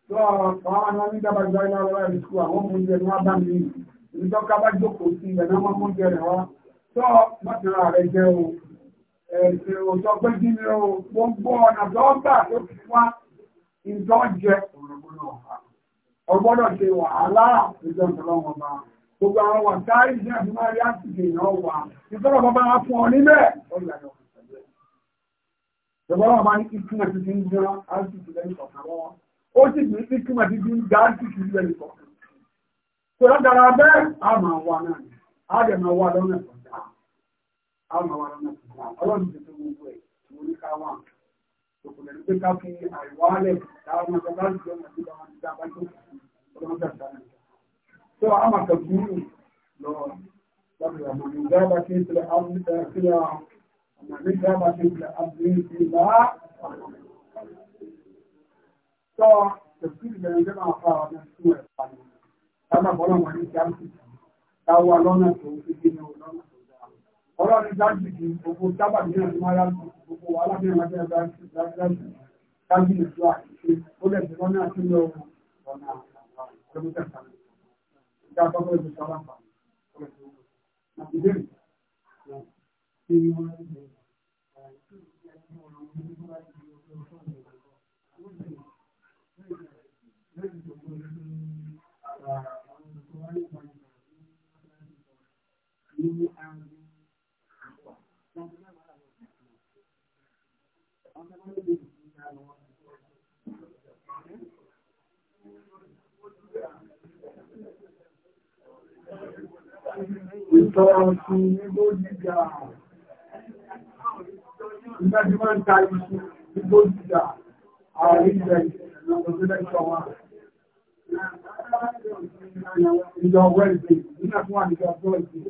tó àwọn ọmọ nígbàgbà ìgbà ìlà ọlọ́run ẹ̀rí sùkúl àwọn ọmọ oúnjẹ ni wọ́n bá mi nìyí ìjọ kábá jókòó sí ẹ̀ náà mọ́kún jẹ rẹ̀ wá tó mọ́tìrà rẹ̀ jẹ́ o ẹ̀sẹ̀ òjò pé kí ni o gbogbo ọ̀nà tó gbà tó fi wá ìjọ jẹ ọgbọ́dọ̀ ṣe wàhálà ìjọ ìjọlọ́wọ́ bá gbogbo àwọn wà táyì ní àti máa rí àtìkè náà wà ìjọba bàbá wa fún ọ níbẹ̀ ìjọba bàbá ní ìtumọ̀ ti ti ń gbọ́n àtìkè àtìkè lẹ́yìn kọ̀ọ̀kan tó látara bẹ́ẹ̀ a máa wà náà ni a dẹ̀ máa wà lọ́nà ìfọ̀dá a máa wà lọ́nà ìfọ̀dá ọlọ́run ti tó gbogbo ẹ̀ tó ní ká wà òkùnrin ní pé ká fi àìwálẹ̀ láwọn ọmọ bá ti lọ́nà tí wọ́n ti dá bá tó ọlọ́run tàbí dáná tó a máa kàn fún mi lọ lọ́dọ̀ ọmọ mi dábà kí n tilẹ̀ àbúrò ọmọ mi dábà kí n tilẹ̀ àbúrò ìlà ọmọ mi. Sọ tẹ̀síìlì yẹn ń jẹ́ máa fa ọmọ sí ẹ̀ pàdé sábà bọ́lá wọn ní jáàmù táwa lọ́nà tó fi gbé ní ọlọ́nà tó dáa ọlọ́run ní jáàmù di gbogbo sábà ní ọdún ara gbogbo wàhálà ní ọdún ara jáàmù jáàmù jáàmù ìjọ àṣìṣe ó lè fi lọ́nà àti lọ ọ̀nà ọdún kẹta ìjà àkọ́kọ́ ìjọ sábà pa ìbéèrè. Thank you. Ìtọ́rọ̀ sí igbó jíjà. Ìgbájú máa igbó jíjà. Ààrí ìgbẹ̀rẹ̀ ìṣọ́wà ìjọ Wednesday nígbà tí wọ́n àdìjọ ọjọ́ ìdí.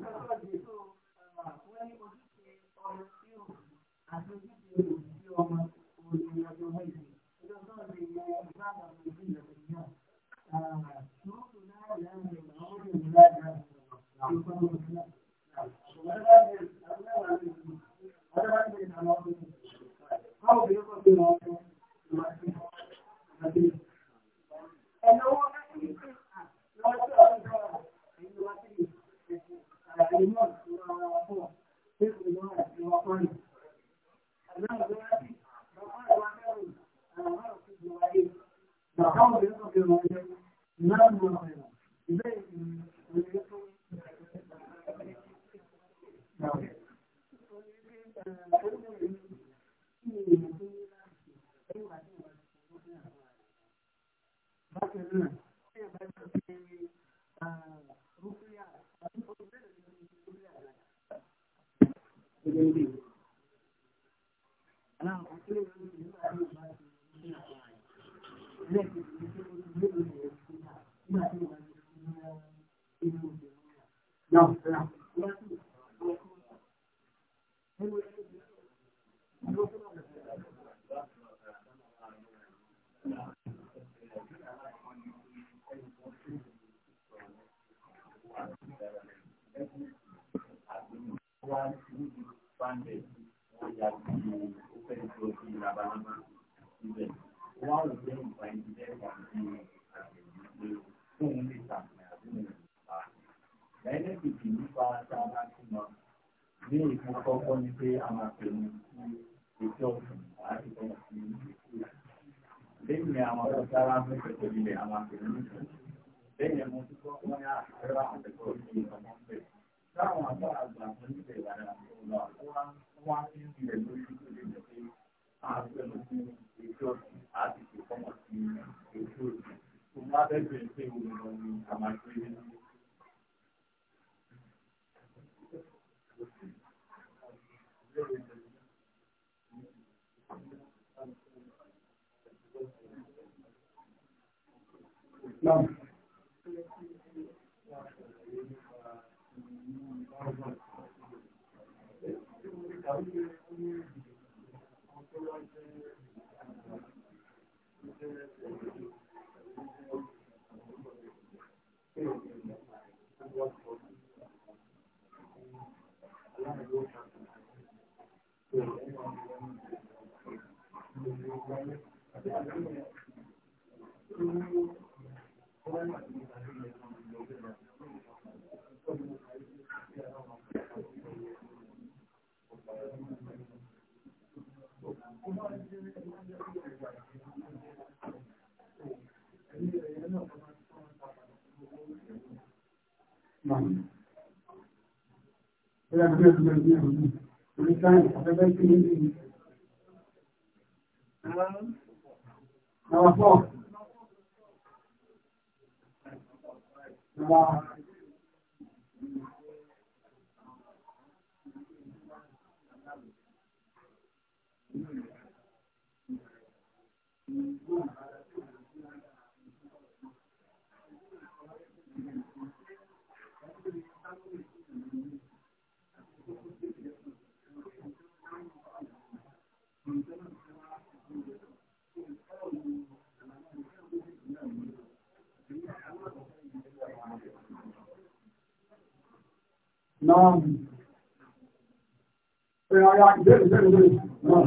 Thank you. Number Thank you. Náà, ẹ̀yà ìbẹ̀rẹ̀ ìbẹ̀rẹ̀ náà.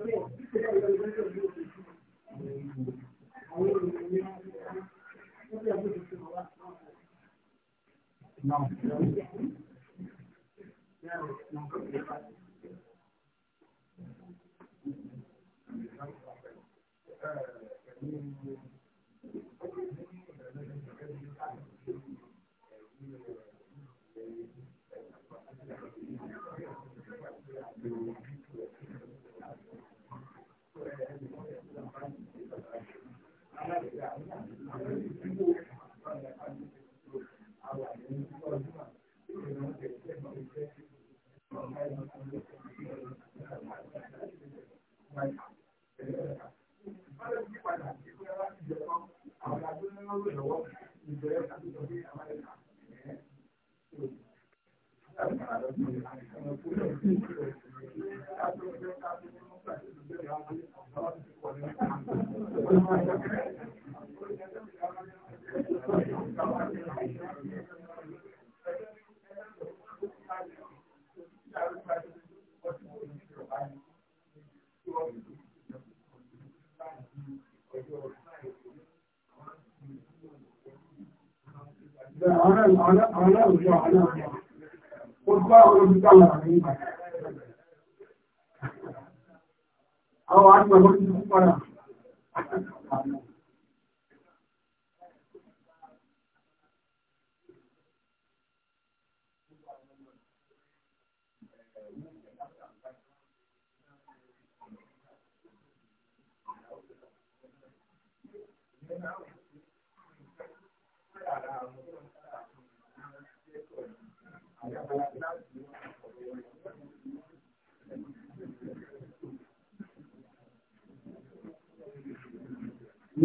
No. Thank you. Thank you. aláwùjọ aláwùjọ ó gbá àwọn olùgbàlà rẹ̀ nígbà àwọn àgbàgbọ́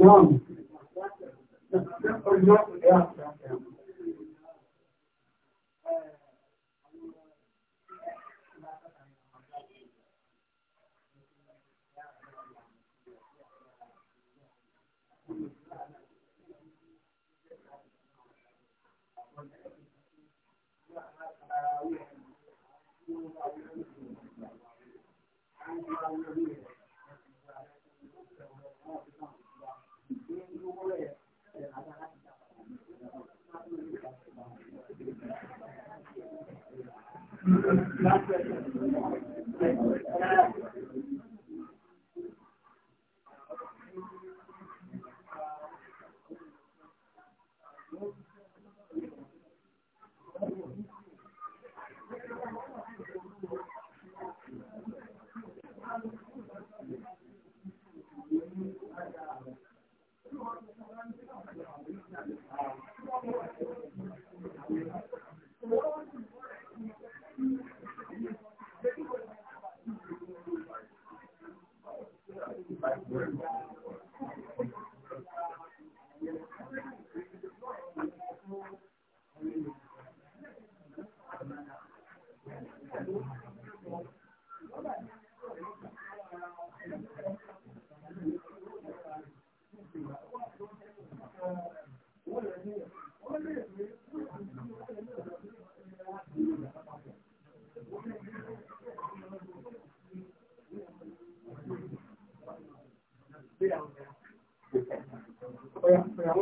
Islam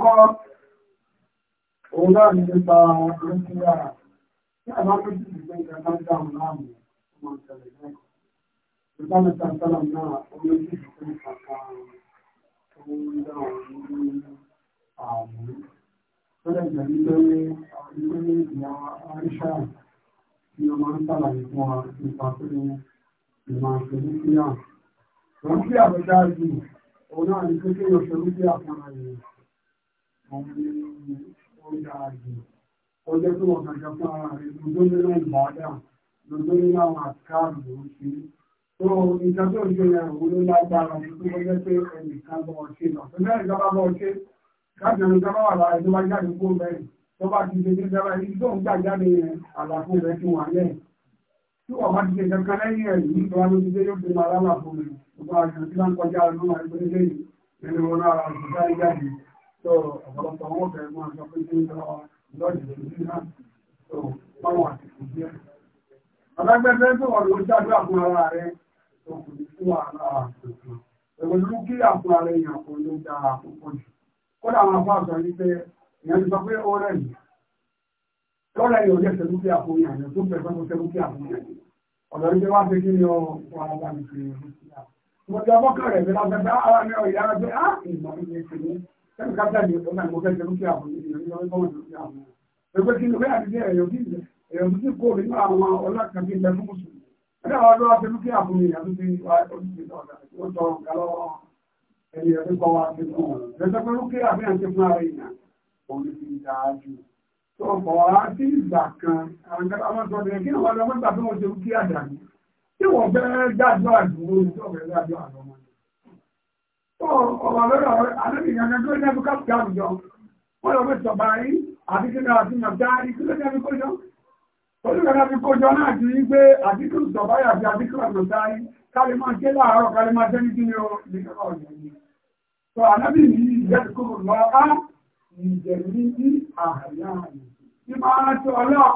àkọ́kọ́ òun náà ní nípa rẹ́kíyà tí a bá tó ti gbé ìgbà bá dá òun láàmú ọmọ ìṣẹ̀lẹ̀ náà nípa mẹ́ta sọ́nà náà orí ojú ìṣẹ̀lẹ̀ ìfàkà òun dá òun ní àmú lọ́dẹ̀ ìgbà ní lórí àwọn ilé ìyá aríṣà tí ọmọ ń sàlàyé fún wa nípa pé ìmọ̀ ìṣẹ̀lẹ̀ kíyà. Rọ́kíyà ló dáa jù òun náà ní kékeré òṣèlú kíyà fún ara yìí òun ni ó dáa jù ó jẹ́ pé wọ́n kankan fún ara rẹ̀ lójó nínú ìbádà lójó nínú àwọn àkáàrù ló ń ṣe tó nǹkan tó ń ṣe yẹn òun ló lágbára ní pé wọ́n jẹ́ pé ẹnìkan bọ́ ṣe lọ tó jẹ́ ìjọba bọ́ ṣe láti ẹnu ìjọba wà lára ìjọba jáde kó bẹ́ẹ̀ tó bá ti ṣe ìjọba yìí tó ń gbà jáde yẹn àlàfo rẹ̀ ti wà lẹ́yìn tí wọ́n bá ti ṣe kankan lẹ́yìn ẹ̀ yìí tó wá ló ti dé yóò fi máa lálàfo rẹ̀ gbogbo àjọ tí wọ́n tó ọ̀pọ̀lọpọ̀ wọn bẹ̀rẹ̀ máa sọ pé kí n lọ lọ́ọ̀dì sí náà tó báwọn àtìkù díẹ̀. alágbẹ́fẹ́ tó wọ́n ló jáde àpò ara rẹ̀ tó kò ní fún ara àtìkù. èwo ló kí àpò ara èèyàn kò ló da púpọ̀ jù. kódà àwọn afọ àgbà yìí pé ìyẹn ti sọ pé ó rẹ̀ yìí. lọ́rẹ̀ yìí ò lè tẹ̀lú kí àpò yàn yàn tó bẹ̀rẹ̀ fẹ́ tẹ̀lú kí àpò yàn ọ̀dọ̀ sẹ́mi ká bẹ́ẹ̀ ni ọ̀pọ̀ náà mo fẹ́ jẹun kí àwọn ènìyàn ní ọjọ́ ìlú kí àwọn ẹgbẹ́ kí ni wẹ́ẹ́ àti jẹ́ ẹ̀yọ́ bíi ẹ̀yọ́ bíi kó nínú àwọn ọlọ́kan bíi ilẹ̀ fún mùsùlùmí ẹ̀dá wa lọ́wọ́ fẹ́ kí àwọn ènìyàn tó ti wá ojúṣe lọ́dà ó tọ nǹkan lọ́wọ́ ẹ̀yìn ẹ̀rí kọ́ wa ti fún wọn lẹ́sẹ̀ pé kí àbíyàn ti wọ́n lọ́wọ́ gbà bí wọ́n tí wọ́n fẹ́ gbàdúrà dúró ní ọ̀rọ̀ lọ́rọ̀ àdébìnrin ọ̀nà tó ní ẹbùká pẹ̀ àwùjọ wọ́n lọ mẹ́tọ̀ bá yí àdíkínà àti nàbdárí kí ló ní ẹbí kójọ olùkọ́lá fi kójọ náà ti rí pé àdíkínà sọ̀báyà àti àdíkínà nàbdárí kálí máa jẹ́ láàárọ̀ kálí máa jẹ́ ní kí ni ó ní kọ́kọ́ ọ̀yọ́ yìí sọ ànábì ní ìjẹ́ kúrò lọ á ìjẹ́ ní ní àhàyà ní máa tó ọlọ́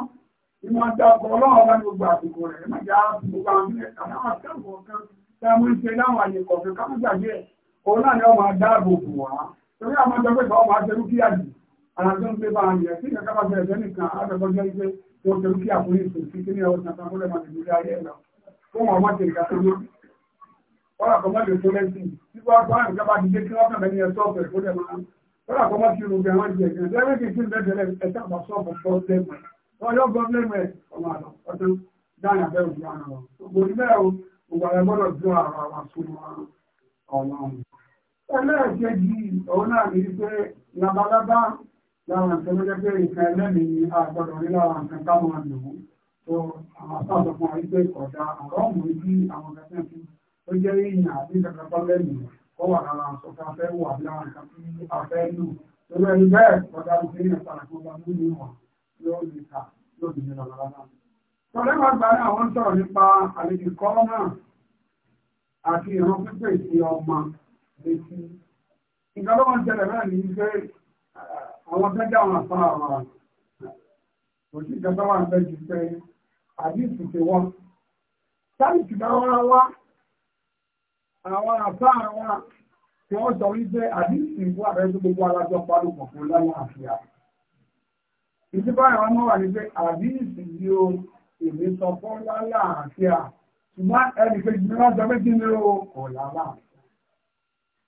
ní máa da ọkọ̀ ọlọ́run bá gbogbo àsìkò rẹ̀ má já gbogbo àwọn ilé kàdáwà kẹ́kọ̀ọ́ kan tá a mú ń ṣe láwọn àyè kọ̀ọ̀kan ká má gbàgbé ẹ̀ òun náà ni wọ́n máa dáàbò bò wá torí àwọn ọjọ́ pé báwọn máa ṣe rúkìá yìí ara tó ń gbé bá àmì ẹ̀sìn kankan bá ṣe ẹ̀jẹ̀ nìkan àtẹ̀kọ́ jẹ́ pé tí wọ́n ṣe rúkìá fún ìsìn sí kíní ọ̀sán kan kó lè máa tẹ̀lé ayé ẹ̀ lọ fún wọn máa tẹ̀lé kàtó ló wọ́n àkọ́ mọ́ lè tó lẹ́sìn tí wọ́n bá ń kábà dìde kí wọ́n kàbẹ̀ ní ẹ̀ sọ́ọ̀fẹ̀ kó lè máa wọ́n àkọ́ mọ́ kí irun bẹ̀ wọ́n jẹ ẹ̀gbẹ̀ lẹ́yìn kí n tún bẹ́ẹ̀ ẹ̀sẹ̀ àbá sọ́ọ̀fẹ̀ tó lẹ́mọ̀ wọ́n yọ gbọ́ lẹ́mọ̀ ọmọ àlọ́ ọdún dáhùn abẹ́ òjò àrùn gbogbo ìbẹ̀rù gbogbo àrẹ gbọ́dọ̀ dún àrùn àwọn àsùnwọ̀n ọlọ́run ẹlẹ́ẹ̀kejì òun náà ní pé labalábá láwọn nǹkan lójẹ́ pé nǹkan ẹlẹ́mìí ni a gbọ́dọ̀ rí láwọn nǹkan táwọn lò ó tó àwọn àpáàdọ̀ fún wa wípé ọ̀dà àrọ́ọ̀mù a fẹ́ wà láwọn nǹkan tí a fẹ́ lò lórí ẹni bẹ́ẹ̀ ọ̀dà òfin ní ìpàdà kan bá mú ní wà yóò lè ta yóò lè ní labalábá. tọ́lẹ́ máa gba àwọn sọ̀rọ̀ nípa àlejò kọ́ náà àti ìran létí. Nǹkan tó máa ń náà ní pé àwọn tó jẹ́ àwọn àfáà wa ìjọba wà ń ju pé àdìsù ti wọ́n. wá àwọn tí wọ́n sọ wípé àdìsù tó gbogbo alájọ parí pọ̀ fún lẹ́yìn àfíà. ìwọ́n náà wà ní pé àdìsù yìí ó èmi sọ fún Ṣùgbọ́n ẹnì kejì wọ́n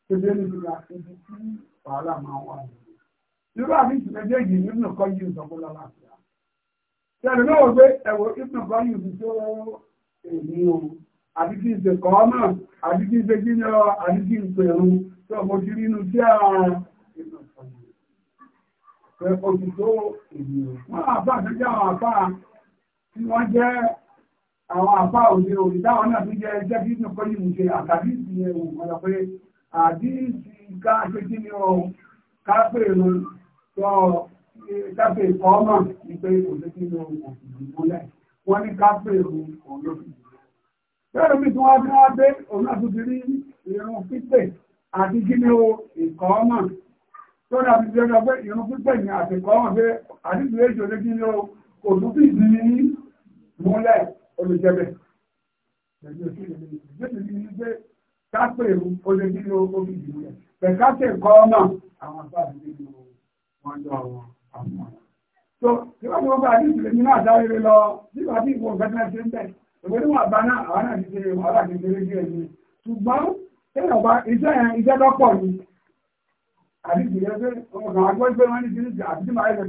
ṣẹlẹ̀ nínú àṣẹjú tí wàhálà máa wà nínú. irú àfihàn méjèèjì nínú kan yìí ìsọ̀kún lọ́la àti à. sẹ́lẹ̀ náà wọ́n gbé ẹ̀wọ̀ ìpín kan yìí fi tó èyí o àbí kí n ṣe kọ́ ọ́nà àbí kí n ṣe kí n yọ àbí kí n pèrún tó mo ti rí inú tí a ìpín kan yìí. pé oṣù tó èyí o. wọ́n àbá àtẹ́jọ́ àwọn àbá tí wọ́n jẹ́ àwọn àbá òde òde táwọn náà tún jẹ́ ẹjẹ́ kí n yìí mo ṣe àtàbí ìsìn ẹ̀wọ̀n ọ̀dọ̀ pé àdíìsì káàkiri ní ọ kápẹ̀rún sọ kápẹ̀ ìkọ́mà ní pé kò sí kí ní ọkùnrin ìgbìmọ̀lẹ̀ wọ́n ní kápẹ̀rún ọlọ́pìn bẹ́ẹ̀ mi tí wọ́n bí wọ́n dé òun náà tó ti rí irun pípẹ̀ àti kí ní ìkọ́mà tó dà bí jẹ́ pé irun pípẹ̀ ní àti ìkọ́mà pé àdíìsì èjò ní kí ní ọ kò tún bí ìdí ní múlẹ̀ olùjẹ́bẹ̀ kápẹ̀rù olè nínú omi ìdílé pẹ̀káṣẹ̀ kọ́ ọmọ àwọn àbáàdì nínú wọn lọ àwọn àwọn. tó tí wọ́n ti wọ́n bá a ní ìṣẹ̀lẹ̀ nínú àdáwéré lọ nígbà tí ìwọ̀n gẹ́gẹ́ ṣe ń bẹ̀ òwe níwọ̀n àbá náà àwọn náà ti ṣe wàhálà kékeré díẹ̀ ni ṣùgbọ́n èèyàn bá iṣẹ́ yẹn iṣẹ́ lọ́pọ̀ ni àbí ìṣẹ̀lẹ̀ pé ọmọ kan àgbọ̀ pé wọ́n ní ti ní àbí tí màá yẹ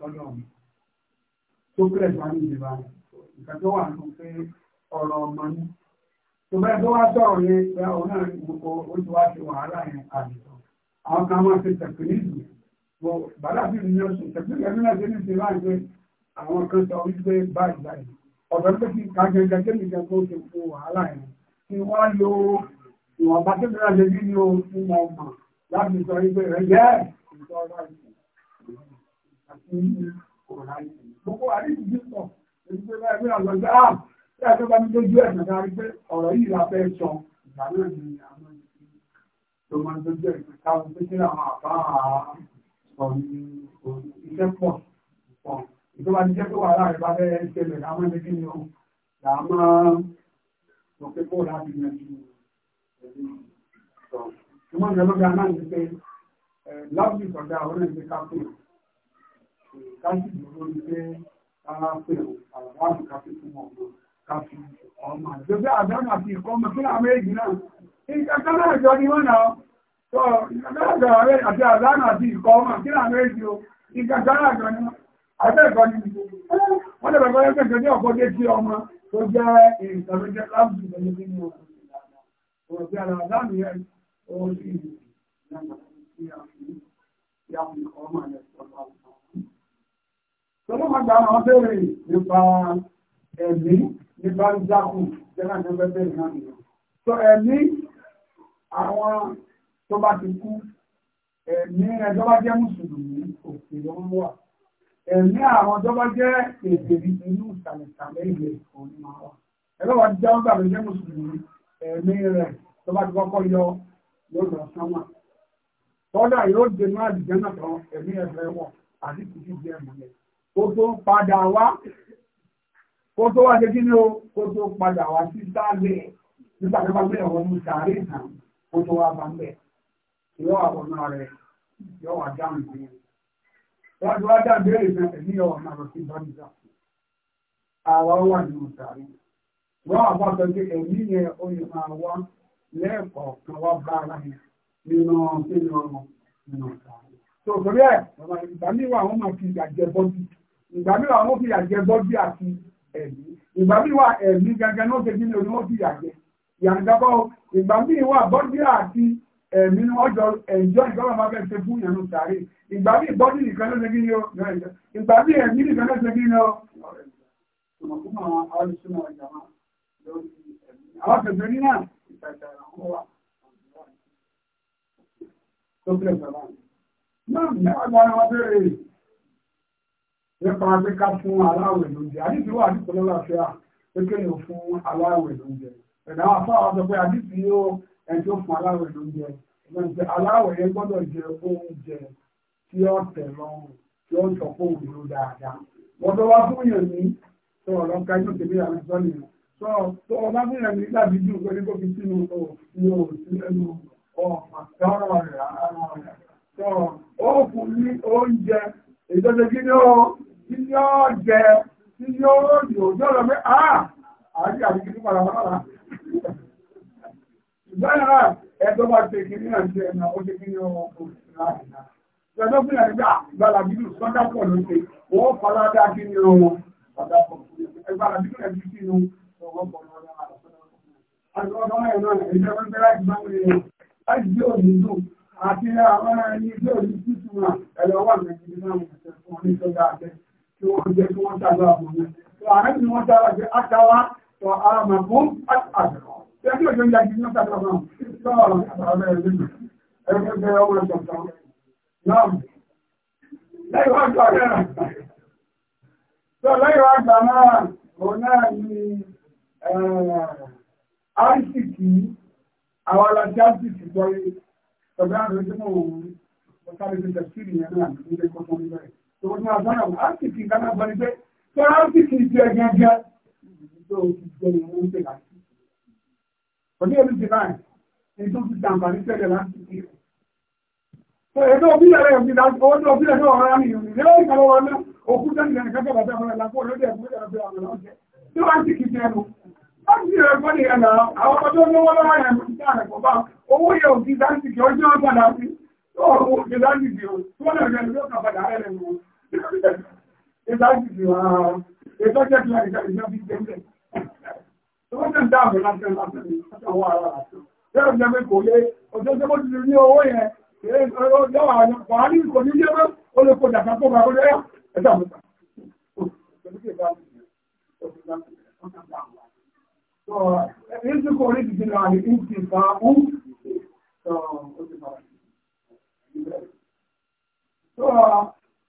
kó lọ tó bẹ̀rẹ̀ bá ní ìlera ìgbà tó wà nù pé ọ̀rọ̀ ọmọ ní. tó bẹ́ẹ̀ tó wá sọ̀rọ̀ yẹn pé ọ̀nà gbogbo ó ti wá ṣe wàhálà yẹn àdìsọ. àwọn kan máa ṣe tẹ̀kíníìsì bó bàdà bí mi yóò ṣe tẹ̀kíníìsì ẹ̀mí náà ṣe ní ti láì pé àwọn kan sọ wípé báyìí báyìí ọ̀dọ́ pé kí kàgẹ́gẹ́ kémi kan tó ṣe fún wàhálà yẹn kí wọ́n lo ìwọ̀nba tó lè ní ohun tí mo mọ̀ láti sọ wípé rẹ̀ jẹ́ ìtọ́ra àti ìkòrá ìsìn gbogbo àdìsí ti sọ èyí pé báyìí pé àlọ́gbà á tí ah, a tó bá ní lójú ẹ̀sán ká rí pé ọ̀rọ̀ yìí la fẹ́ sọ ìgbà náà ni àwọn ìṣẹ̀lẹ̀ tó máa ń lójú ẹ̀sán káwọn pé kí àwọn àbá iṣẹ́ pọ̀ pọ̀ ìjọba ti jẹ́ pé bá fẹ́ ṣẹlẹ̀ láwọn ẹni kí ni ó là máa sọ pé kó láti yanjú ẹ̀rí sọ. Ìmọ̀ ìjọba náà ń pè láwùjọ ìsọ̀dá orílẹ̀-èdè kápẹ́ káṣí ìdúró lórí pé kára pé àwọn àwọn káfí fún wọn káfí ọmọ àjọgbé àdánù àti ìkọ́ ọmọ kí láwọn méjì náà ìkàkà náà jọ ní wọn náà tó ìkàkà náà jọ àti àdánù àti ìkọ́ ọmọ kí láwọn méjì o ìkàkà náà jọ ní àtẹ́ẹ̀kọ́ ni wọ́n lè bẹ̀rẹ̀ pẹ̀lú ọkọ̀ dé sí ọmọ tó jẹ́ ìrìnkàn ló jẹ́ nínú ọkọ̀ ìlànà òròbí Tọ́lọ́mọ̀gbà àwọn bèèrè nípa ẹ̀mí nípa ìjákù tẹ́lá ní ọgbẹ́ bẹ̀rẹ̀ náà nìyàn. So ẹ̀mí àwọn tó bá ti kú, ẹ̀mí ẹjọ́ bá jẹ́ Mùsùlùmí òkè ló ń wà. Ẹ̀mí àwọn tó bá jẹ́ èdè inú ìsàlẹ̀sàlẹ̀ ilẹ̀ òní máa wà. Ẹ̀rọ wa jẹ́ ọgbà ló jẹ́ Mùsùlùmí, ẹ̀mí rẹ̀ tó bá ti kọ́kọ́ yọ yóò lọ sánmà. Tọ́dà kó tó padà wá kó tó wá ṣe kí ni ó kó tó padà wá sí sálẹ̀ nígbà tó bá gbé ọ̀rọ̀ mu sàárè ìtàn kó tó wá bá ń bẹ̀ yọ àwọnà rẹ̀ yọ wà dáhùn sí i wọ́n ti wá dáhùn bí èrè náà ẹ̀mí ọ̀rọ̀ náà lọ sí bámíjà àwa wà lẹ́ẹ̀kọ̀ọ̀kan wá bá ara nínú nínú nínú sàárè. tòkòrí ẹ̀ ìgbà míì máa fi ìgbà jẹ ìgbà mi wà wọ́n fi yàjẹ́ bọ́dí àti ẹ̀mí ìgbà mi wà ẹ̀mí gẹ́gẹ́ náà ṣe nínú ni wọ́n fi yàjẹ́ yàǹdàbọ̀ ìgbà mi wà bọ́dí àti ẹ̀mí ọjọ́ ẹ̀jọ́ ìjọba máa fẹ́ ṣe fún ìyànnú sàárè ìgbà mi bọ́dí nìkan ló ṣe kí ni ó ìgbà mi ẹ̀mí nìkan ló ṣe kí ni ó. àwọn kẹfẹ́ ní náà ìtajà àwọn wà. tó bẹ̀rẹ̀ sọ̀rọ̀ náà ní àwọn ọmọ bẹ̀rẹ̀ nípa pé ká fún aláwẹ̀ lóúnjẹ àdìsí wà ní pẹ̀lú àlàáfíà pé kéèyàn fún aláwẹ̀ lóúnjẹ ẹ̀dá wà fún àwọn sọ pé àdìsí yóò ẹni tó fún aláwẹ̀ lóúnjẹ ìgbọ̀nsẹ̀ aláwẹ̀ yẹn gbọ́dọ̀ jẹ oúnjẹ tí ó tẹ̀ lọ́rùn tí ó sọ fún òun ló dáadáa wọ́n tó wá fún yẹn ní sọ ọ̀lọ́ka inú tèmi àwọn ìjọ nìyẹn sọ tó ọba fún yẹn ní dàbí jù tí yóò jẹ tí yóò yò yóò ah àti àbíkí tó padà wọ́n lára. ìgbọ́n náà ẹ̀tọ́ bá ṣe kí ní àti ẹ̀nà ó ṣe ah! kí ní ọmọ ọkùnrin láàrin náà. ìgbàdọ́ fún ìyàgbé àgbàlagbìlú sọ́dá pọ̀ kí ní ọmọ ọ̀dà pọ̀ àgbàlagbìlú ẹ̀ fi ìjọba ń bẹ láti bá wọn lè láti bí òní dùn àti àwọn ẹni tí òní tútù náà ẹ̀lọ́wọ́ àgbẹ̀jì náà mọ̀ tí wọ́n jẹ́ kí wọ́n dára àwọn ọmọ tó ààrẹ ni wọ́n dára jẹ́ àtàwà tó ara mà fún àtàkọ́ tí a kí òjò ń yàgì náà tàbí ọmọ tó ọ̀rọ̀ àtàrà rẹ̀ nínú ẹgbẹ́ jẹ́ ọmọ ìjọ̀tọ̀ náà lẹ́yìn wá gbà rẹ̀ tó lẹ́yìn wá gbà náà òun náà ni àrísìkì eh, àwọn alájá sì ti gbọ́ yìí tọ̀gbẹ́ àrùn tí mo wù ti tẹ̀síìrì yẹn náà nílé kọ́kọ́ níbẹ̀rẹ̀ tòun ní agbára wọn áfíìkì kaná gbọ́ni pé tó áfíìkì jẹ gẹ́gẹ́ tó ti jẹ ìwọ̀n ń pè láti. Òní èlú ti báyìí, èyí tó ti dàmbà ní tẹ́lẹ̀ láti kí. Tó èdè òbílẹ̀ rẹ̀ òbí láti owó tó òbílẹ̀ náà rárá nìyẹn ní lẹ́yìn ìkàlọ́ wọn náà òkú tẹ́lẹ̀ nìyẹn kẹ́kẹ́ bàtà wọn lápò lórí ẹ̀kú mẹ́tẹ̀ẹ̀rẹ̀ bí àwọn ọ̀jẹ̀. Tó áfíìkì jẹ ẹnu. Láti rẹ̀ kọ́ ni ẹ̀nà àwọn ọmọ tó lówó lọ́wọ́ yẹn ti dá rẹ̀ kọ́ bá owó yẹ òbí láti ọjọ́ ọ̀gbọ̀n ìtàkìtì wọn ètò jẹ́ kí láti jáde jáde jẹ́ tó wọ́n tẹ́ ń dáàbò láti ẹ̀ láti ẹ̀ wọ́n ara rà tó yẹ́rọ jẹ́ pé kò lé ọjọ́ tó ti rí owó yẹn lọ́wọ́ àwọn ọ̀pọ̀ àní kò ní jẹ́ pé ó lè kó dàgbà tó bá kọjá ẹ̀dá mi ta. Èyí tí kò rí ti jìnnà àlè ń ti fa ú. Tó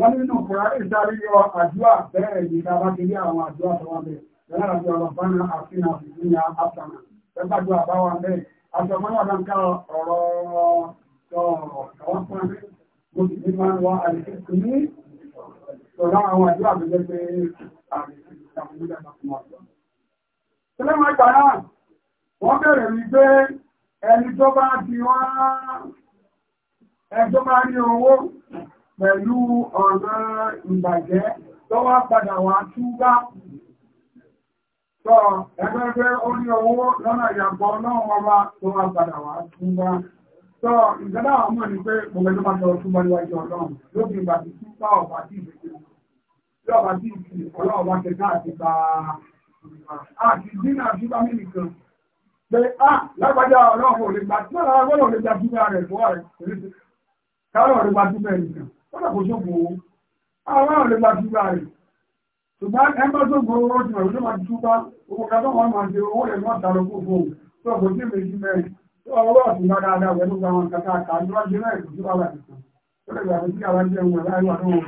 wọ́n nínú kùránì ìdarí yọ àdúrà bẹ́ẹ̀ ní ìdábá ti rí àwọn àdúrà tó wà bẹ́ẹ̀ lọ́nà àti ọ̀rọ̀ bánà àfihàn àfihàn ní àpàmà pẹ́pàdù àbáwà bẹ́ẹ̀ aṣọ mọ́nà àdáńká ọ̀rọ̀ ọ̀rọ̀ mo sì ní máa ń wá àdìsíkù ní ọ̀rọ̀ àwọn àdúrà tó jẹ́ pé àdìsíkù àwọn ìdílé àpapọ̀ wọn. sílẹ̀ máa gbà náà wọ́n bẹ̀rẹ̀ wí pé ẹni tó bá ti wá ẹjọ́ bá rí owó pẹ̀lú ọ̀rọ̀ ìbàjẹ́ tó wá padà wá túbá tọ́ ẹgbẹ́gbẹ́ orí owó lọ́nà ìyàgbọ́ náà wọ́n wá tó wá padà wá túbá tọ́ ìjọba àwọn mọ̀ ní pé gbogbo máa tọ́ túbọ̀ níwájú ọlọ́run lóbi ìgbà tí túbá ọ̀bà tí ìgbésẹ̀ tí ọ̀bà tí ìsìn ọlọ́run bá kẹta àti bá àti kọ́nà kò ṣògbò àwọn àwọn olè láti gbà rẹ̀ ṣùgbọ́n ẹ bá ṣògbò owó ti rẹ̀ máa tú bá owó kan tó wọ́n máa ṣe owó rẹ̀ máa tààrọ̀ kó fún tó ọkọ̀ tí méjì mẹ́rin tó ọwọ́ ọ̀tún bá dáadáa wẹ̀ ló gba wọn kàkà kà ní wọ́n jẹ́ mẹ́rin kò sí wàhálà nìkan tó lè gbà sí àwọn jẹ́ wọn láì wà lóhùn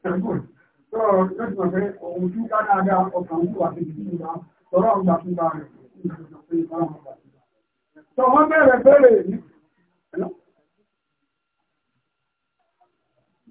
tó yóò ti mọ̀ pé òun tú ká dáadáa ọkàn ń wà sí ìdí tọ́rọ̀ ọgbà tún bá rẹ̀ tó wọ́n bẹ̀rẹ̀ bẹ̀rẹ̀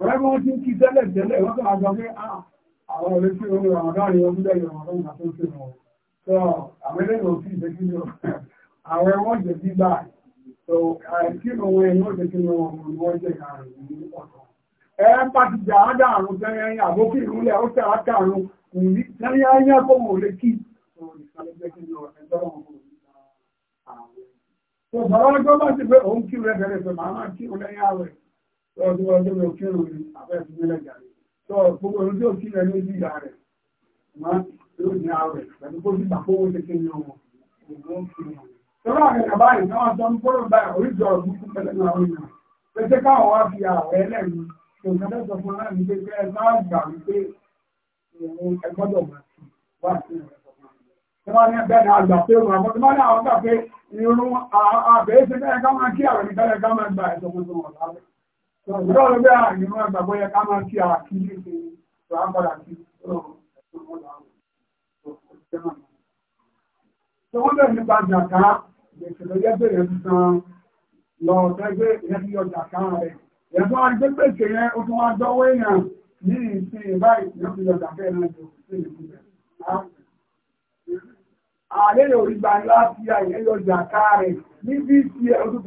Ọ̀rẹ́ wọn ti kí tẹ́lẹ̀ tẹ́lẹ̀ wọ́n kàn àjọ pé ah, àwọn ọ̀rẹ́ tí ó rọrùn láàrin ọdún lẹ́yìn ọ̀rọ̀ ìgbà tó ń ṣe wọn. So àwọn òfin ìṣẹ́jú Àwọn ẹwọ́n jẹ́ bí báyìí. So àìsí òun ẹ̀yìn ó kí wọ́n wọ́n ní ọjọ́ bá rẹ̀ bẹ̀rẹ̀ pẹ̀ màá lọ́dún ọdún ló kí òun abẹ́ fún mi lẹ́gàá rẹ̀ tó gbogbo ohun tó kí rẹ̀ ló di ìyá rẹ̀ mọ́ yóò ní àwẹ̀ pẹ̀lú bó ti gbàgbówó ṣe kí ni ọmọ òun fi hàn. tọ́lá àwọn ẹ̀ka báyìí náà sọ ń gbọ́dọ̀ báyìí oríṣi ọ̀rọ̀ fún pẹ̀lẹ́ náà ń yàn pété káwọn wá fi àwẹ̀ ẹlẹ́nu òǹkà tó sọ fún aláìní pé ẹ bá gbà wípé òun ẹ gbọ́dọ̀ wá sí ìrẹ̀ wọ́n ní ẹgbẹ́ ní àgbà pé òun àbọ̀tí máa ní àwọn gbà pé irun àbẹ̀ẹ́sẹ̀ Ìjọ́rọ̀ bí ààrin mọ́ ìgbàgbọ́ yẹ ká máa kí ara kí ní ṣe ìgbà ń padà sí ọlọ́run tó mọ́ láàrùn. Ṣé wọ́n bẹ̀rẹ̀ nípa jàkà ìgbẹ̀sẹ̀lẹ̀ yẹ́ bẹ̀rẹ̀ ń san lọ tẹ́gbẹ́ ìyẹn tí yọ jàkà rẹ̀. Ìyẹn tó wá gbé ní ìsìn báyìí ìyẹn ẹ̀ ó tún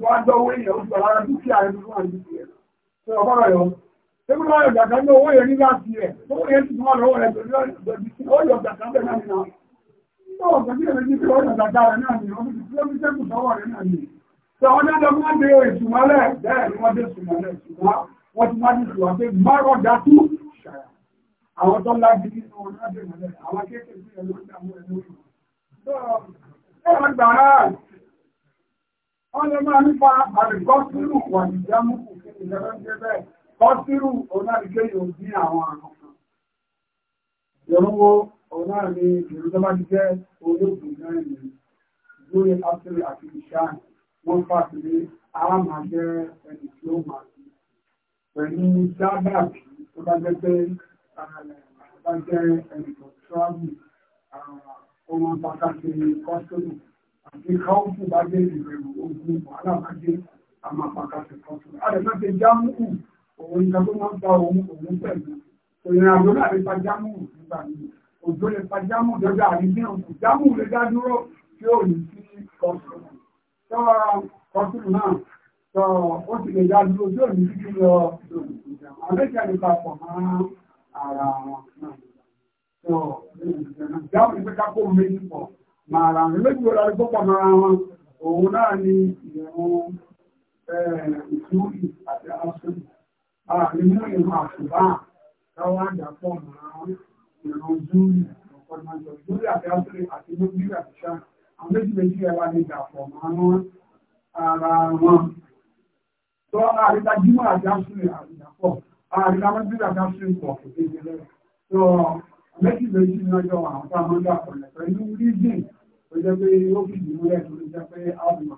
wá èèyàn ó lára dúkìá rẹ̀ tó wà ẹ̀ ọgbọ́rọ̀ yọ. Ebi máa yọ gàgà ní owó yẹn ní láti rẹ̀, owó yẹn ti máa lọ́wọ́ rẹ̀ pẹ̀lú ọ̀yọ̀ gàgà bẹ̀ náà nìyà. Ọ̀pọ̀ tẹ̀lé rẹ̀ ní pé ọ̀yọ̀ gàgà rẹ̀ náà nìyà, ọdún tí ó fi sẹ́kù sọ́wọ́ rẹ̀ náà nìyà. Sọ àwọn de ìsùnmọ́lẹ̀ bẹ́ẹ̀ ni wọ́n dé ìsùnmọ́lẹ̀ ṣùgbọ́n wọ́n ti máa ń sùn ìjọba ń jẹ́ bẹ́ẹ̀ kọ́sírù onáàrígbé yóò dín àwọn àrùn kan yọrùnwó onáàrí ìrìnjọba ti jẹ́ olóògùn mẹ́rin lórí áfírí àti ìṣàn wọ́n fàtílé alámàjẹ́ ẹni tí ó máa ti pẹ̀lú dábàbí tó bá jẹ́ pé bá jẹ́ ẹni tó bá jẹ́ ìbẹ̀rù a máa pàkàtì kọ́tù àdàmọ́ ti jámù òun nǹkan tó máa ń gba òun òun pẹ̀lú ìrìn àjò náà lè pa jámù nígbà míì òjò lè pa jámù dọ́jà àrídé òkú jámù lè dá dúró tí ò ní sí kọ́tù tọ́ kọ́tù náà tọ́ ó sì lè dá dúró tí ò ní sí lọ àbẹ́jà lè papọ̀ mọ́ ara wọn náà tọ́ jámù lè ká kó méjì pọ̀ ìtúrì àti asùn nínú ìlú àṣùbá táwọn àjàpọ̀ máa ìran zúrì ọ̀pọ̀lọpọ̀ zúrì àti asùn àti lóbìrì àti ṣá àwọn méjì méjì ẹwà ní ìdàpọ̀ máa wọn ara wọn tó àrídá jímọ̀ àti asùn àjàpọ̀ àrídá lóbìrì àti asùn pọ̀ kò kékeré tó méjì méjì ní ọjọ́ àwọn táwọn ń dàpọ̀ lẹ̀ pẹ̀lú rídìn tó jẹ́ pé ó fìdí múlẹ̀ tó jẹ́ pé àwọn ìmọ̀